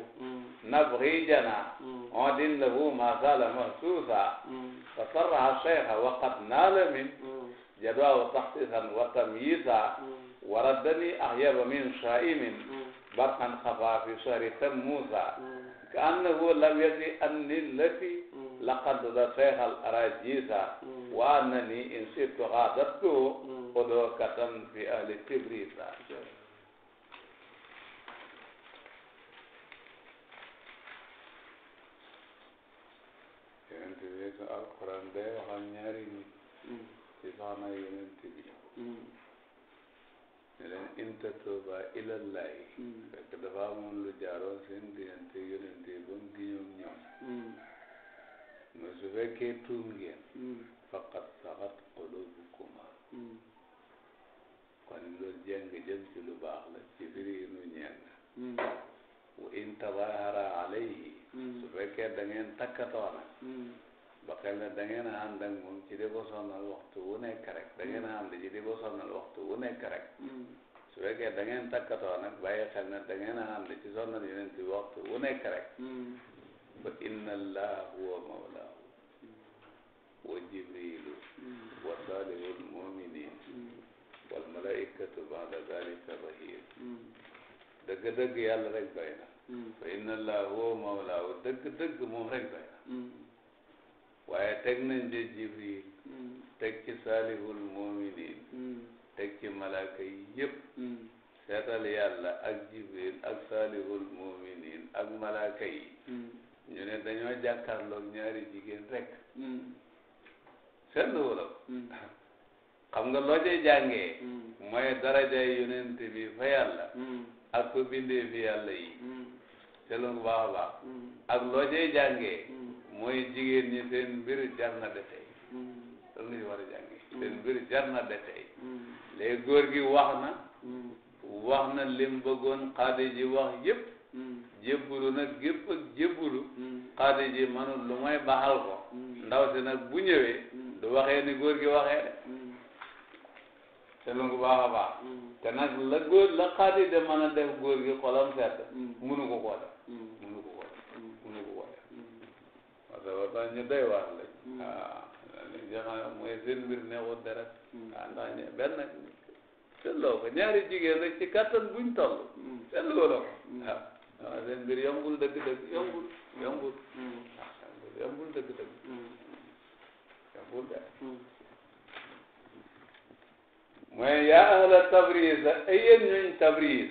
S2: nabri jana odin lahu ma zala mahsusa fa sarraha seyha wa qad naala min jadwahu taxsisan wa tamyisa wa raddani ahyaba min shaimin barqan xafa fi shahri tammusa ka annahu lam yadi anni lati laqad da seexal arajiisa waa na ni in situ xaadattu odoo katan fi ahli tibrisa yonent bi sa alquran day waxal ñaari nit ci soxna yonent bi ne leen in tatuuba ilallahi fekk dafa amoon lu jaaroon seen diggante yonent bi ba mu gi ñoom ñoom mais su fekkee tuub ngeen faqat saxat qulubukuma kon loolu jàng jëm ci lu baax la ci firi nu ñeen wa in tadahara alayhi su fekkee da ngeen takkatoo nag ba xel ne da ngeen a ànd ak moom ci di ko sonal wu nekk rek da ngeen a ànd ci di ko sonal waxtu wu nekk rek su fekkee da ngeen takkatoo nag bàyyi xel ne da ngeen a ànd ci sonal yeneen ci waxtu wu nekk rek fa inna allaha huwa mawlaahu wa jibrilu wa saalihul muminin wal malaikatu ba'da dalika zahir dëgg-dëgg yàlla rek doy na fa inna allaha huwa mawlaahu dëgg-dëgg moom rek doy na waaye teg nañ de jibril teg ci saalihul muminin teg ci malaaka yi yëpp seetal yàlla ak jibril ak saalihul muminin ak malaaka yi ñu ne dañoo jàkkaarloog ñaari jigéen rek hmm. seetlu wala hmm. xam hmm. nga loo cay jàngee mooy darajay yonent bi fa yàlla ak ko bindee fi yàlla yi seetlu nga baax ak loo cay jàngee mooy jigéen ñi seen mbir jar na detey loolu nga ci war a jàngee seen mbir jar na góor gi wax na wax na lim bëggoon xaadi ji wax yépp Hmm. jébbulu nag gépp ak jébbulu hmm. xaadi ji manul lu may baxal ko hmm. ndaw nag bu ñëwee du waxee ni góor gi waxee de te lu ngu baax a te nag la góor la xaadi de mën a def góor gi xolam sedd munu ko koo def munu ko koo def munu ko koo def parce que ba tax ñu doy waar lañ waaw li nga xam mooy seen mbir neexut de rek waaw ndax ñe ko ñaari jigéen rek ci kattan buñ toll seetloo ko waaw ah seen mbir yombul dëgg-dëgg yombul hmm. yombul. Hmm. ah yombul dëgg-dëgg. Hmm. yombul dëgg. mooy yaa ahla Tabriz ay yéen ñuñ Tabriz.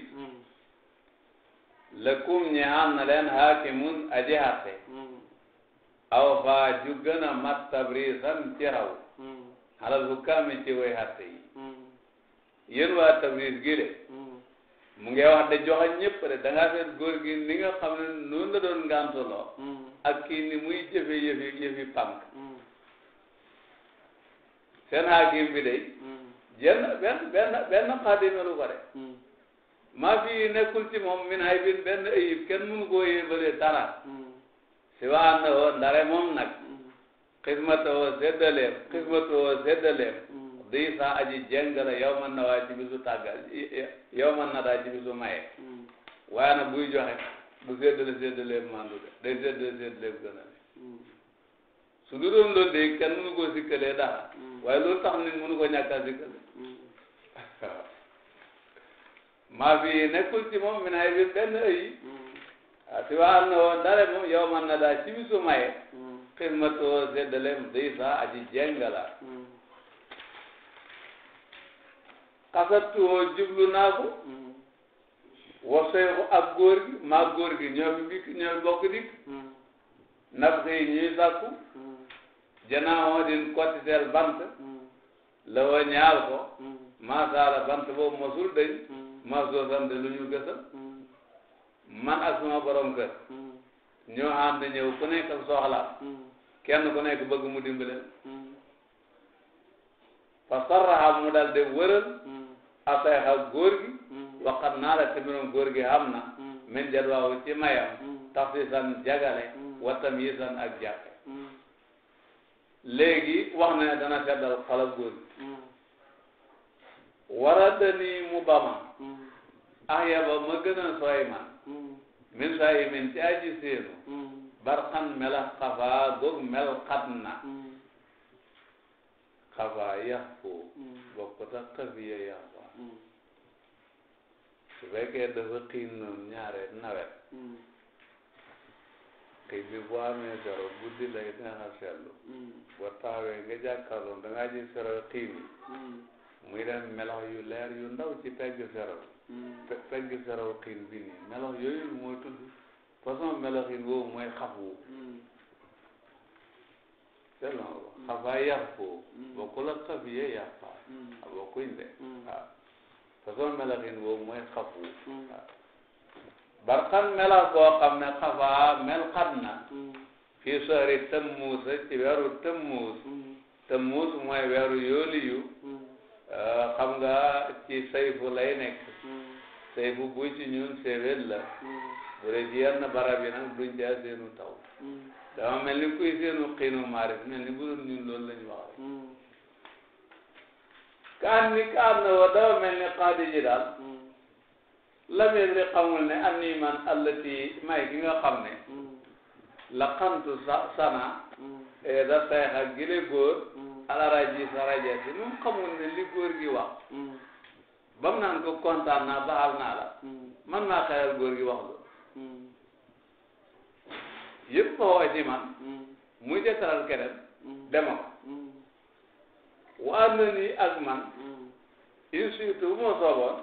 S2: lakum ñeexal na leen haakimun aji àtte. aw faa ju gën a mat Tabrizan ci raw. xalal hukkaami ci way àtte yi. yéen waa Tabriz gi de. mu ngi wax de joxe ñëpp de da ngaa seet góor gi ni nga xam ne la doon ngàntuloo mm. ak kii ni muy jëfe yëfi yëfi pànk mm. seen hakim bi day mm. jenn benn benn benn xaadimelu ko de maa fii nekkul ci moom min hay bin benn ayib kenn mënu koo yéebalee dara si waa na woo ndare moom nag xismata woo séddaleem xismata woo séddaleem di sa aji jeng la yow man na waaye ci bisu tàggal yow man na daal ci bisu maye hmm. waaye nag buy joxe du séddale séddale mandu de day séddale séddale gën a ne hmm. su du doon loolu de kenn mënu koo sikkalee dara hmm. waaye loolu tax nit mënu ko ñàkk a sikkale maa fi nekkul ci moom mi naay bi benn ayi ah si waa am na woon dara moom yow man na daal ci bisu maye xidmatoo séddaleem di sa aji jeng xasattuwoo jublu naa ko mm-hmm. wasay ak góor gi maa góor gi ñoo fi dikk ñoo bokk dikk mm-hmm. naf xëy ñuy sàkku mm-hmm. din kottiteel bant la ñaal ko maasaala bant boobu mosul dañ mas doo sant lu ñu gësal man ak sama borom kër ñoo ànd ñëw ku nekk soxlaam kenn ku nekk bëgg mu dimbale fa mu dal de wëral Ablaye xaw góor gi. Mm. waxat naa la tamit góor gi am na. Mm. min jalwaawu ci mayam. Mm. tafsisan jagale. wa tamyisan ak jàppe. léegi wax na dana seddal xala góor gi. waradani mu bama. ah yaba ma gën a sooy man. min saa yi min ci aji seenu. barxan melax xafaa góog mel xat na. xafaa yàqu. bokkut ak xafiya su fekkee dafa xiin noonu ñaare nawet xëy mm. bu amee sero guddi lay neex a seetlu mm. boo taawee nga jàkkaarloo da ngaa sero xiin yi muy dem melax yu leer yu ndaw ci pegg sero mm. pegg sero xiin bi nii melax yooyu mooy tudd façon melax yi woowu mooy xafu seetlu nga ko xafaa yàqu bokkul ak xaf yee yàqaa ah, bokkul de waaw ah. façon melaxin boobu mooy xafu barxan melax koo xam ne xafaa mel xat na fii soori tëmmuus ci weeru tëmmuus tëmmuus mooy weeru yooliyu xam nga ci sayfu lay nekk sayfu buy ci ñun séeréer la bu dee ci yenn barab yi nag duñ caa seenu taw dama mel ni kuy seenu xiinu maarif mel ni bu doon ñun loolu lañ wax kaan ni kaan na woo dafa mel ni xaadi ji daal lam yëg rek xamul ne am nii gi nga xam ne mm. la xantu sa sana mm. e da say xa gile góor mm. alaraji saraja si moom xamul ne li góor gi wax ba mu naan ko kontaan naa baal naa la man maa xayal góor gi wax loolu yëpp ko woo ci man muy jëtaral keneen dema ko waa na ni ak man in surtout bu ma sooboon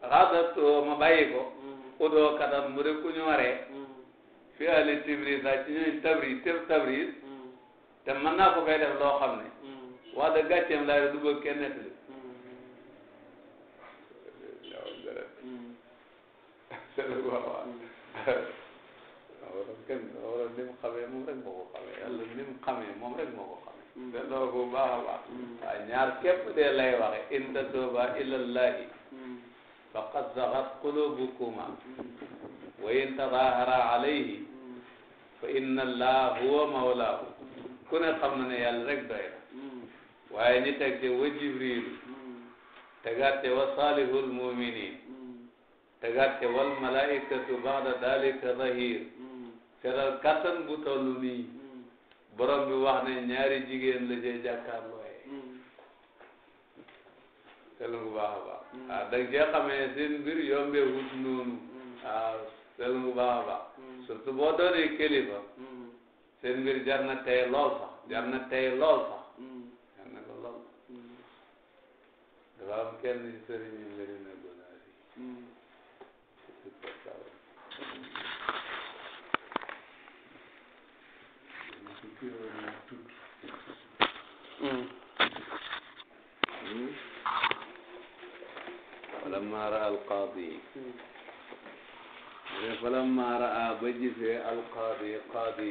S2: xaadatu mm. euh, ma bàyyi ko udoo mm. katam mu de ku ñu waree fi ali tibris a ci ñooñ tabris tabris mm. te mën naa ko fay def loo xam ne wax da gàcceem laay da du bëgg kenn nettali waaw kenn waroon ni mu xamee rek moo ko xamee yàlla ni mu xamee rek moo ko xamee danoo bu baax a baax waaw ñaar képp dee lay waxe in tatuuba ilallahi faqad sagat qulubukuma wa in tadahara alayhi fa inna allaha huwa mawlaahu ku ne xam na ne yàlla rek doy na waaye ñi teg te wa jibrilu tegaat te wa salihul muminin tegaat te wal malaikatu bada dalika zahir seetal kattan bu toll nii borom bi wax ñaari jigéen la cee jàkkaarloo hmm. te lu ngu baax a baax waaw hmm. ah, da nga cee xamee wut noonu waaw hmm. ah, te lu ngu baax a baax surtout boo doonee kilifa seen mbir jar tey lool sax tey lool sax jar na ko falamma raa alqaadi ne falamma raa ba gisee alqaadi qaadi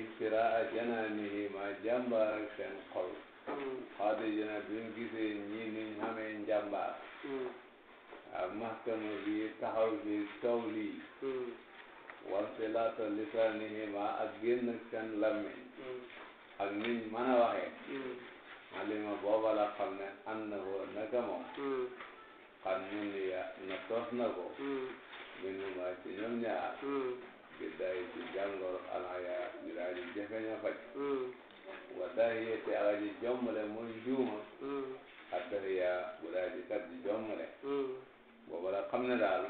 S2: istiraa janaanihi ma jàmbaar ak seen qaadi jana bi mu gisee ñii niñ xamee njàmbaar a mahkama bi taxaw bi taw lii ak génn seen niñ mën a alima booba la xam ne an na ko naka moom xam ñu ni ya na tos na ko min ma ci ñoom ñaar bi day ci jàngoro alaya ñu daal di jafe ña faj wa dahiye te ala ji jommale mooy njuuma addahiya bu daal di kat di jommale booba la xam ne daal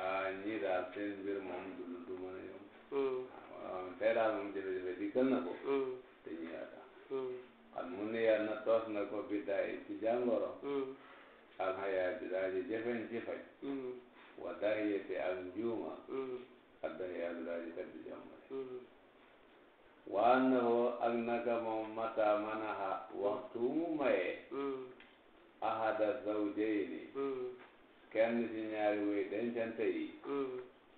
S2: ah ñii daal seen mbir moom du du mën a yomb tey daal moom jafe-jafe dikkal na ko te ñii al mu ne yàlla na toos na ko bidaay ci jàngoro. Mm. alxayaa bi daal di jëfeñ ci faj. Mm. wa dahyati ak njuuma. Mm. ak dahyaa bi daal di tëdd jàmbale. waa na woo ak naka moom mata manaha waxtu mu maye. ahada zawjayni. kenn ci ñaari way dencante yi.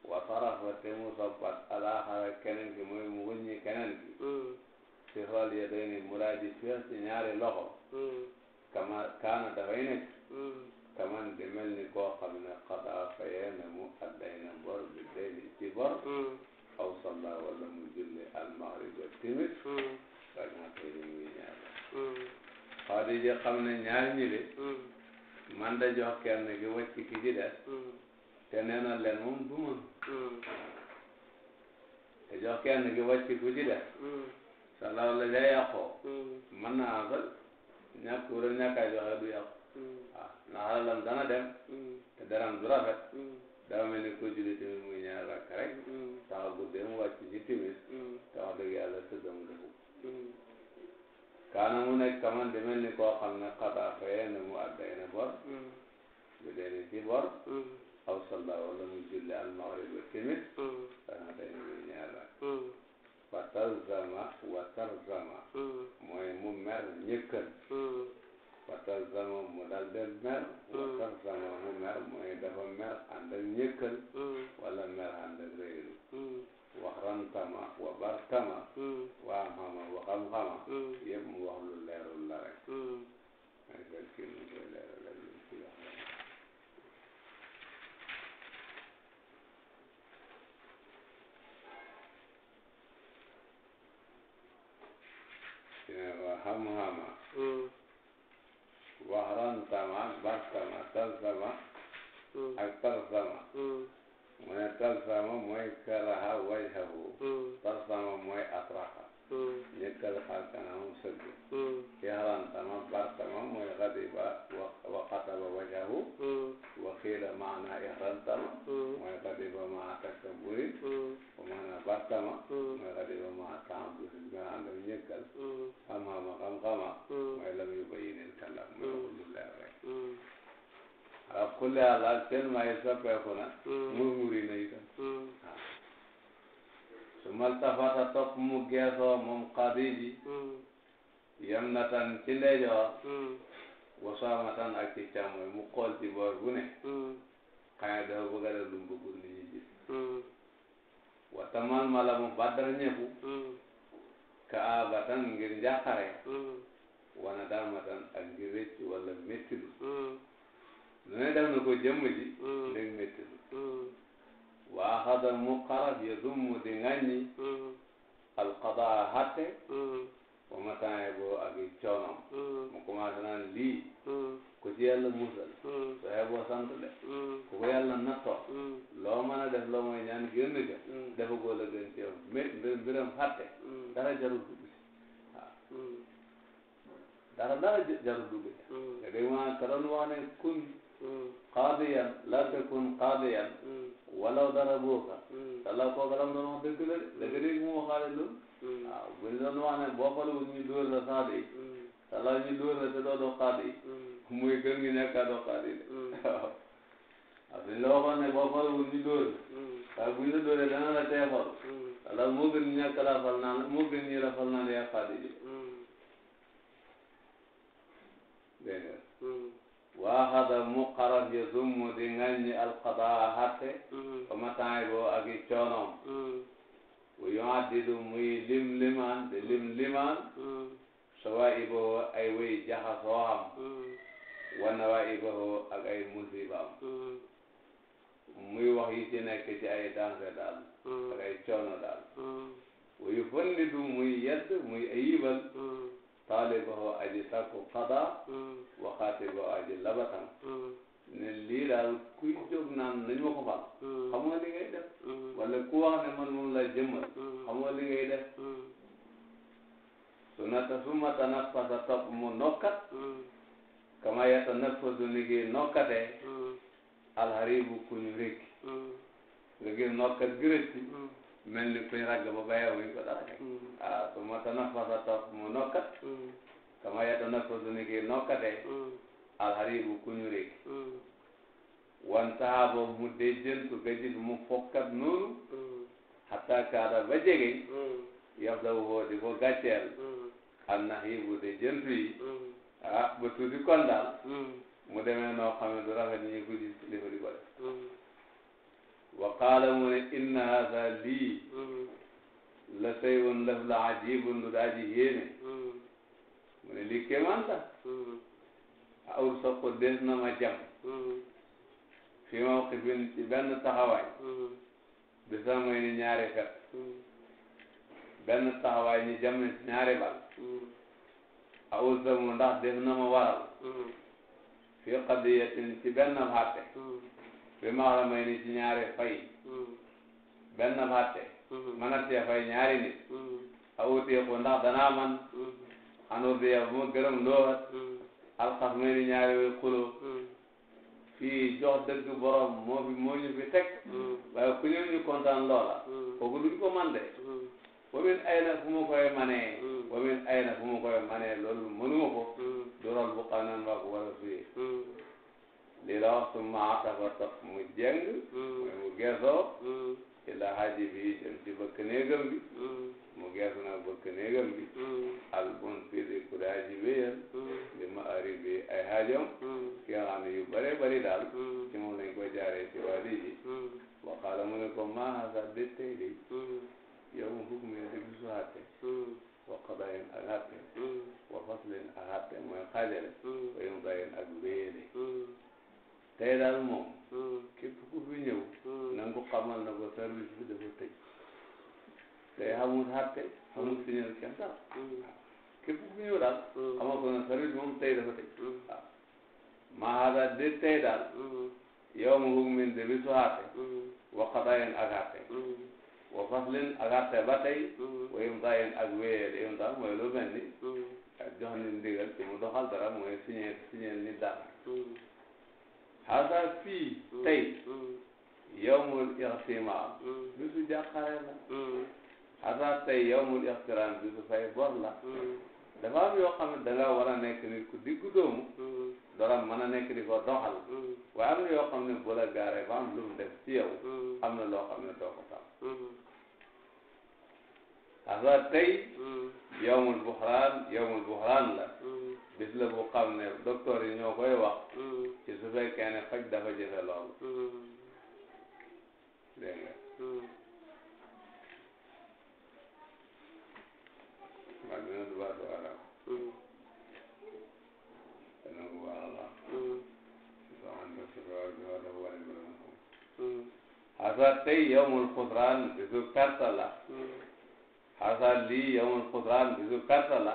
S2: wa tarafa te mu soppat alaaxara keneen ki mooy mu wëññi keneen ki. fi xool ya day ni muraaji fees ñaari loxo kama kaana dafay nekk hmm. kaman di ni koo xam ne xadaa fayee na mu adday na bor bi day ni ci bor aw mu julli al maghrib timit rakaatay hmm. ni muy ñaar Xadija xam ne ñaar ñi de man da jox kenn gi wàcc ki ci des te nee na leen moom du mën te jox kenn gi wàcc ku ci salaw la ca yàqoo naa abal ñàkk wala ñàkk a joxe du yàqu
S1: hmm. waaw ndax alalam dem hmm. te daram du rafet hmm.
S2: dafa mel ni ko julli tamit muy ñaar rakk timis te wax dëgg yàlla sëddam defu kaana mu nekk kaman di mel ne xadaa fayee mu adday na bor bu dee aw salla wala mu julli al maghrib timis dana day muy ñaar Fatalzama watalzama. Mm. mooy mu mer ñëkkal. Mm. Fatalzama mu dal de mer. watalzama mm. mu mer mooy dafa mer ànd ak ñëkkal. wala mer ànd ak réeru. waxrantama wa bartama. waa mama wa xam-xama. yëpp mu wax lu ler la rek. muhama waxron hmm. tama bartama talsama hmm. ak hmm. talsama mu ne talsama mooy karaha wajhahu talsama mooy atraha ñekkal xar kanamam sëgg yaaran tama bartama mooy xadiba wa xataba wajahu wa xiila maana ihran tama mooy xadiba maa takabburin wa maana bartama mooy xadiba maa ta'abburin gana ànd ak ñekkal xam-xama xam-xama mooy lam yu bayinil kalam mooy waxul lu leer rek ala kulli haal tellement yi soppeeku na murmuri na itam su maltafata topp mu geesoo moom xadiji yam mm. na tan ci ndeyjoor mm. wasaama tan ak ci mu xool ci boor bu ne mm. xane dafa bëgg a def lu mu bëggul nit ñi gis watamal ka aaba tan ngir wana daama tan ak wala méttilu lu ne def na ko jëmm ji ndeg méttilu waa xada mu xarab ya dumm di ŋàññi alqadaa xatte wa mataane boo ak i coonam mu commencé naan lii ku ci yàlla musal so heboo sant de ku ko yàlla nattoo loo mën a def loo mooy ñaan génn ja dafa góor la gën ci yow mbir mbiram xatte dara jarul dugg dara dara jarul dugg si nga dégg maanaam ne kun qaadiyan la takun qaadiyan walaw darabuuka tala kooku la mu doon wax dëgg la de dëgg dëgg mu waxaale loolu waaw bu ñu doon la saadi tala ñu la te doo doo qaadi gi nekk doo qaadi de waaw bu ne boo xoolee la waaye bu ñu la dóoree dana la tee xool tala moo gën ñàkk la fal naan moo gën ñi la fal naan yaa qaadi de waaxada muqaran ya zummu di ŋàññi alqadaa xatte fa mataay boo ak i coonoom wu yuaddidu muy lim limaan di lim limaan sawaa'iboo ay way jaxasoo am wa nawaa'iboo ak ay musibaam muy wax yi ci nekk ci ay danger daal ak coono daal wu yufannidu muy yedd muy ayibal taalibahu aji sakku qada waxaatibahu aji labatan ne lii daal kuy jóg naan nañ ma ko fal xam nga li ngay def wala ku wax man moom laa jëmmal xam nga li ngay def su nata suma tanaffasa topp mu nokkat kama yatanaffasu ni ngi nokkatee alharibu ku ñu rekki nga gis nokkat mel ni kuy ragg ba bàyyiwuñ ko dara mm. ah su ma tanafasa topp mu nokkat mm. kama yatanafasu ni kii nokkatee mm. alharibu ku ñu réegi wan taha ba mu déjjantu ka gis mu fokkat nuuru hatta kaada ba jege yaf daw hoo di ko gàcceel an nahibu déjjantu yi ah ba tuuti kon daal mu demee noo xam du rafet ñi ko gis li ko di ko wa qaala mu ne inna haada lii mm-hmm. la sayun lëf la ajibun lu daa ji yéene mm-hmm. mu ne lii kéemaan la mm-hmm. awul saqu des na ma jam fi mawqifin ci benn taxawaay bi samay ni ñaari fet benn taxawaay ñi jam ci ñaari bal awul samu ndax des na ma waral fi qadiyatin ci benn xatte bi ma la may ni ci ñaari fay benn fàtte mën a cee fay ñaari nit a wuutee ko ndax danaa man xanu biya bu ma gërëm loowat alxas may ni ñaari way xuloo fii jox dëgg borom moo fi moo ñu fi teg waaye ku ñëw ñu kontaan loola kooku duñ ko man de wa min fu ma koy manee wa min ayna fu ma koy manee loolu mënuma ko du rol bu xanan waa ko war a suyee lii la wax summa atafa topp jeng mm. mooy mu gesoo mm. ila haji bi jëm ci bëkk néegam mm. mu gesu na bëkk néegam bi albun fi ku di haji wéyal li ma ari ay hajom ki nga xam ne yu bare bari daal ci moom lañ koy jaaree ci wàlli ji waxaala mu ne ko maa hasa de tey de mu hukk mi de bisu hatte wa qadayin ak hatte wa faslin ak hatte mooy xaajale tey daal moom. Hmm. képp ku fi ñëw. Hmm. na nga ko xamal na ko service bi dafa tëj. tey xamul xàtte xamul hmm. signal kenn daal. Ah, képp ku ñëw daal. xamal ko na service moom tey dafa tëj. waaw ah, maa de tey daal. yow ma bëgg mel ne bisu xàtte. waxataa yéen ak xàtte. wa fas leen ak xàtte ba tey. wa yem taa yéen ak wéyal yem daal mooy lu mel ni. ak jox ni ndigal mu doxal dara mooy signé signé ni daal. hada fii tey yawmul ixtimaam bisu jàqare la hada tey yawmul ixtiraam bisu fay bor la dafa am yoo xam ne da nga war a nekk nit ku doomu dara mën a nekk di ko doxal waaye am na yoo xam ne lu mu def ci yow am loo xam ne doo ko tam hada tey yawmul buxraan yawmul buxraan la bis la bu xam ne docteur yi ñoo koy wax hmm. ci su fekkee ne faj dafa jëfe lool hmm. dégg nga maa dina du baax wala dana ko baax a baax soxante si lool bi war a wari bi la ko hmm. xasa tey yawmul xusraan bisu perte la xasa lii yawmul xusraan bisu perte la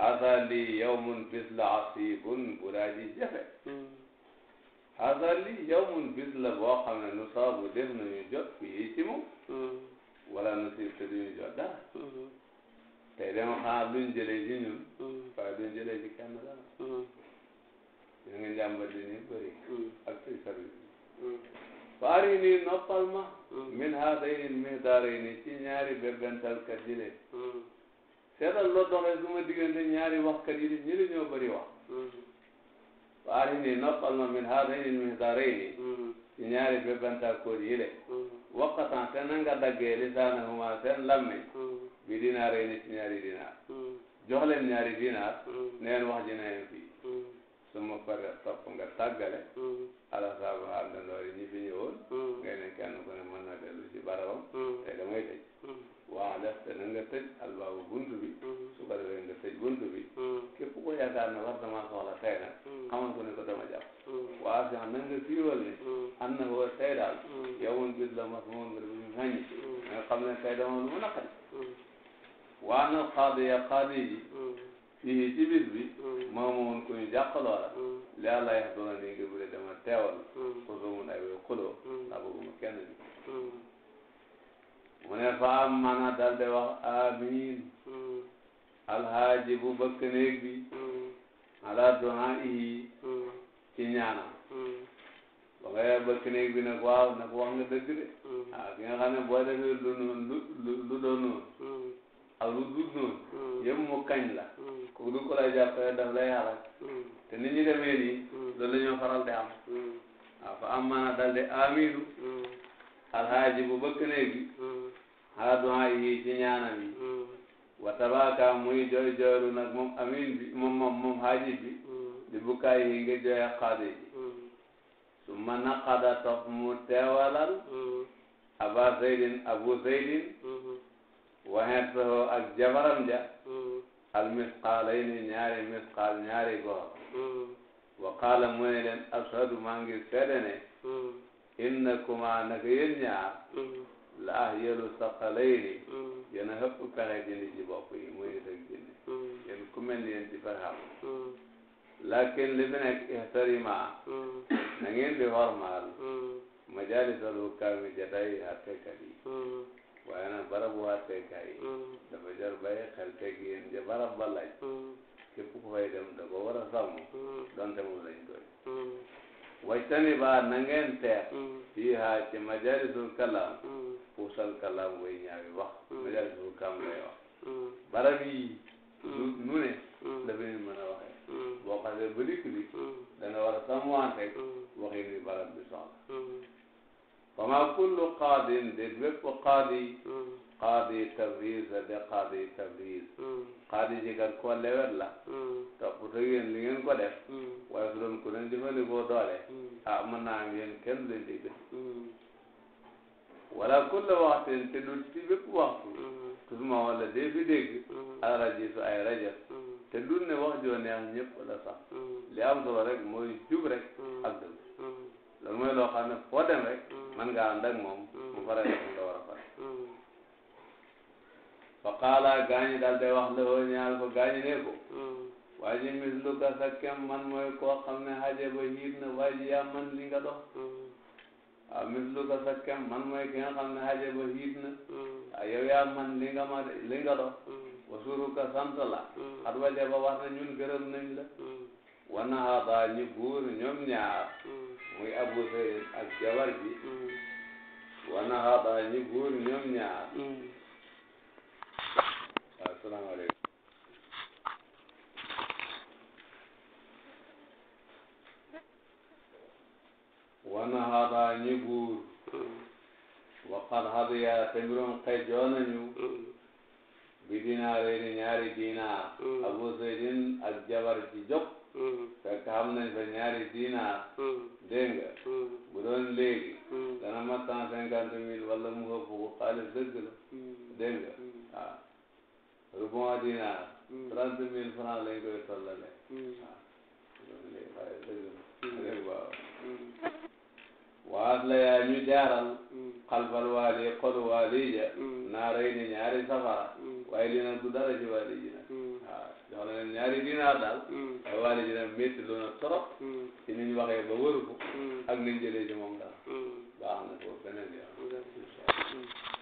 S2: hasa li yawmun bis la asibun uraaji jafe hasa li yawmun bis la boo xam ne nu saabu def nañu jot fii ci moom wala nu siib te duñu jot dara tey dama xanaa duñ jëlee ci ñun waaye duñ jëlee ci kenn dara ñu ngi njàmbat li ñu bëri ak si service faari nii noppal ma min haadayni midaarayni ci ñaari bébbantal kat jile seetal loo doxee su ma diggante ñaari waxkat yi ñu ne ñoo bëri wax. waaye nii noppal ma min haadayni l-mihdarayni mm-hmm. ci ñaari bébantaakoor yi le. Mm-hmm. waqatan te na nga daggee lisaanahuma seen làmmiñ. Mm-hmm. bi dinaarayni ci ñaari dinaar. jox leen ñaari dinaar. neen wax ji neen fii. su ma paree topp nga tàggale. ala saabu àndandoor yi ñi fi ñëwoon. ngay ne kenn ne mën na dellu ci barabam. te damay waaw def te na nga tëj bi. Mm. su ko defee nga tëj buntu bi. Mm. képp ku yaakaar ne war damaa soxla tey nag. Mm. xamal ko ne ko dama jàpp. waaw si na nga siiwal ne. am na ko tey daal. yow moom bis la mas moom nga def xañi. nga xam ne tey dama lu mu naqari. waa na xaadi ya xaadi ji. fii ci bis bi. maa ma woon ku ñu jàqaloo li àlla yax doona nii nga dama teewal. ko soo mun ay wéy xuloo. naa bëgguma kenn mu ne faam mana dalde wax amin hmm. alhaaji bu bëkk néeg bi hmm. ala doha ihi hmm. ci ñaanam ba nga yaa bëkk néeg bi nag waaw nag wax nga dëgg de ah ki nga xam ne boo defee lu noonu lu lu doon noonu ak lu dul noonu yëpp mu kañ la kooku du ko lay jàppale daf lay xalaat te nit ñi demee nii loolu la ñoo faral di am waaw ah, fa am mana dalde aminu alhaaji bu bëkk néeg bi xalaat doon yi ci ñaanam yi. Hmm. wa tabaaka muy jooy jooylu nag moom amin bi moom moom moom xaaji bi. Hmm. di bukkaay yi nga jooyee xaade ji. Hmm. naqada topp mu teewalal. aba zeydin abu zeydin. waxeet soo ak jabaram ja. al misqaalayni ñaari misqaal ñaari góor. wa qaala mu ne leen ashadu maa ngi seede ne. inna kuma naka yéen ñaar. ahyalu saqalayni yéen a hmm. ëpp pexe jinne ci bopp yi muy nit ak jinne yéen ku mel ni yéen ci pexe amul lakin li fi nekk ihtarima
S1: hmm. na ngeen di hormaal
S2: hmm. majalisalu kaami jataay attekat yi waaye nag barabu attekat yi dafa jar bàyyi xel teg yéen ja barab ba laaj képp ku dem da ko war a sàmm donte moom lañ
S1: wajtani ba na ngeen teer
S2: fii ha ci majalisul kalam puusal kalam way ñaawi wax majalisul kalam lay wax barab yi nu ne la beneen mën a waxee boo xasee ba dikk bi da nga war a sàmmanteeg waxi ni barab bi soxla fama kullu qaadin déet bépp qaadi tabriz la de qaadi tabriz hmm. qaadi ji kat ko lewet la hmm. topp yéen li ngeen ko def hmm. waaye su doon ku leen jëfandikoo doole ah mën naa am yéen kenn leen di gën wala kulla waxtin te du ci bépp waxtu tusma wala dee fi dégg al rajisu ay rajas te du ne wax joo neex ñëpp la sax li am solo rek mooy jub rek ak dëgg loolu mooy loo xam ne foo dem rek man nga ànd ak moom mu faral la war a
S1: fare
S2: fa qaala gaañi daal de wax la woo ñaal ko ne mm. ko waa ji misluka sa kem man mooy koo xam ne xaje ba hiir na ji yaa man li nga dox mm. waaw misluka sa kem man mooy ki nga xam ne xaje ba hiir na mm. waaw yow yaa man li nga ma li nga dox wasuruka sant la ba wax na ñun gërëm nañ la wana haada ñi buur ñoom ñaar muy abu sayid ak ji wana haada ñi buur ñoom ñaar asalaamaaleykum. wana xaataa ñu buur. waqad hadiya te mbirum xëy joo nañu. bi dinaaree ni ñaari dinaar. abu seydin ak jabar ji jóg. fekk xam nañ fa ñaari dinaar. dégg nga. bu doon léegi. dana mat cent cinquante mille wala mu ëpp bu xaalis dëgg la. dégg nga hmm. ah. rubon dinaar hmm. trente mille francs lañ koy tollale hmm. ah,
S1: waas la hmm. yaa ñu jaaral xalfal
S2: waali xolu waali ja naaray ni ñaari safara waaye lii nag du dara ci waali ji nag waaw ah, jox na leen ñaari dinaar daal waaye waali ji nag métti loona trop ci niñ waxee ba wëru ko ak niñ jëlee ci moom daal baax na ko beneen yoon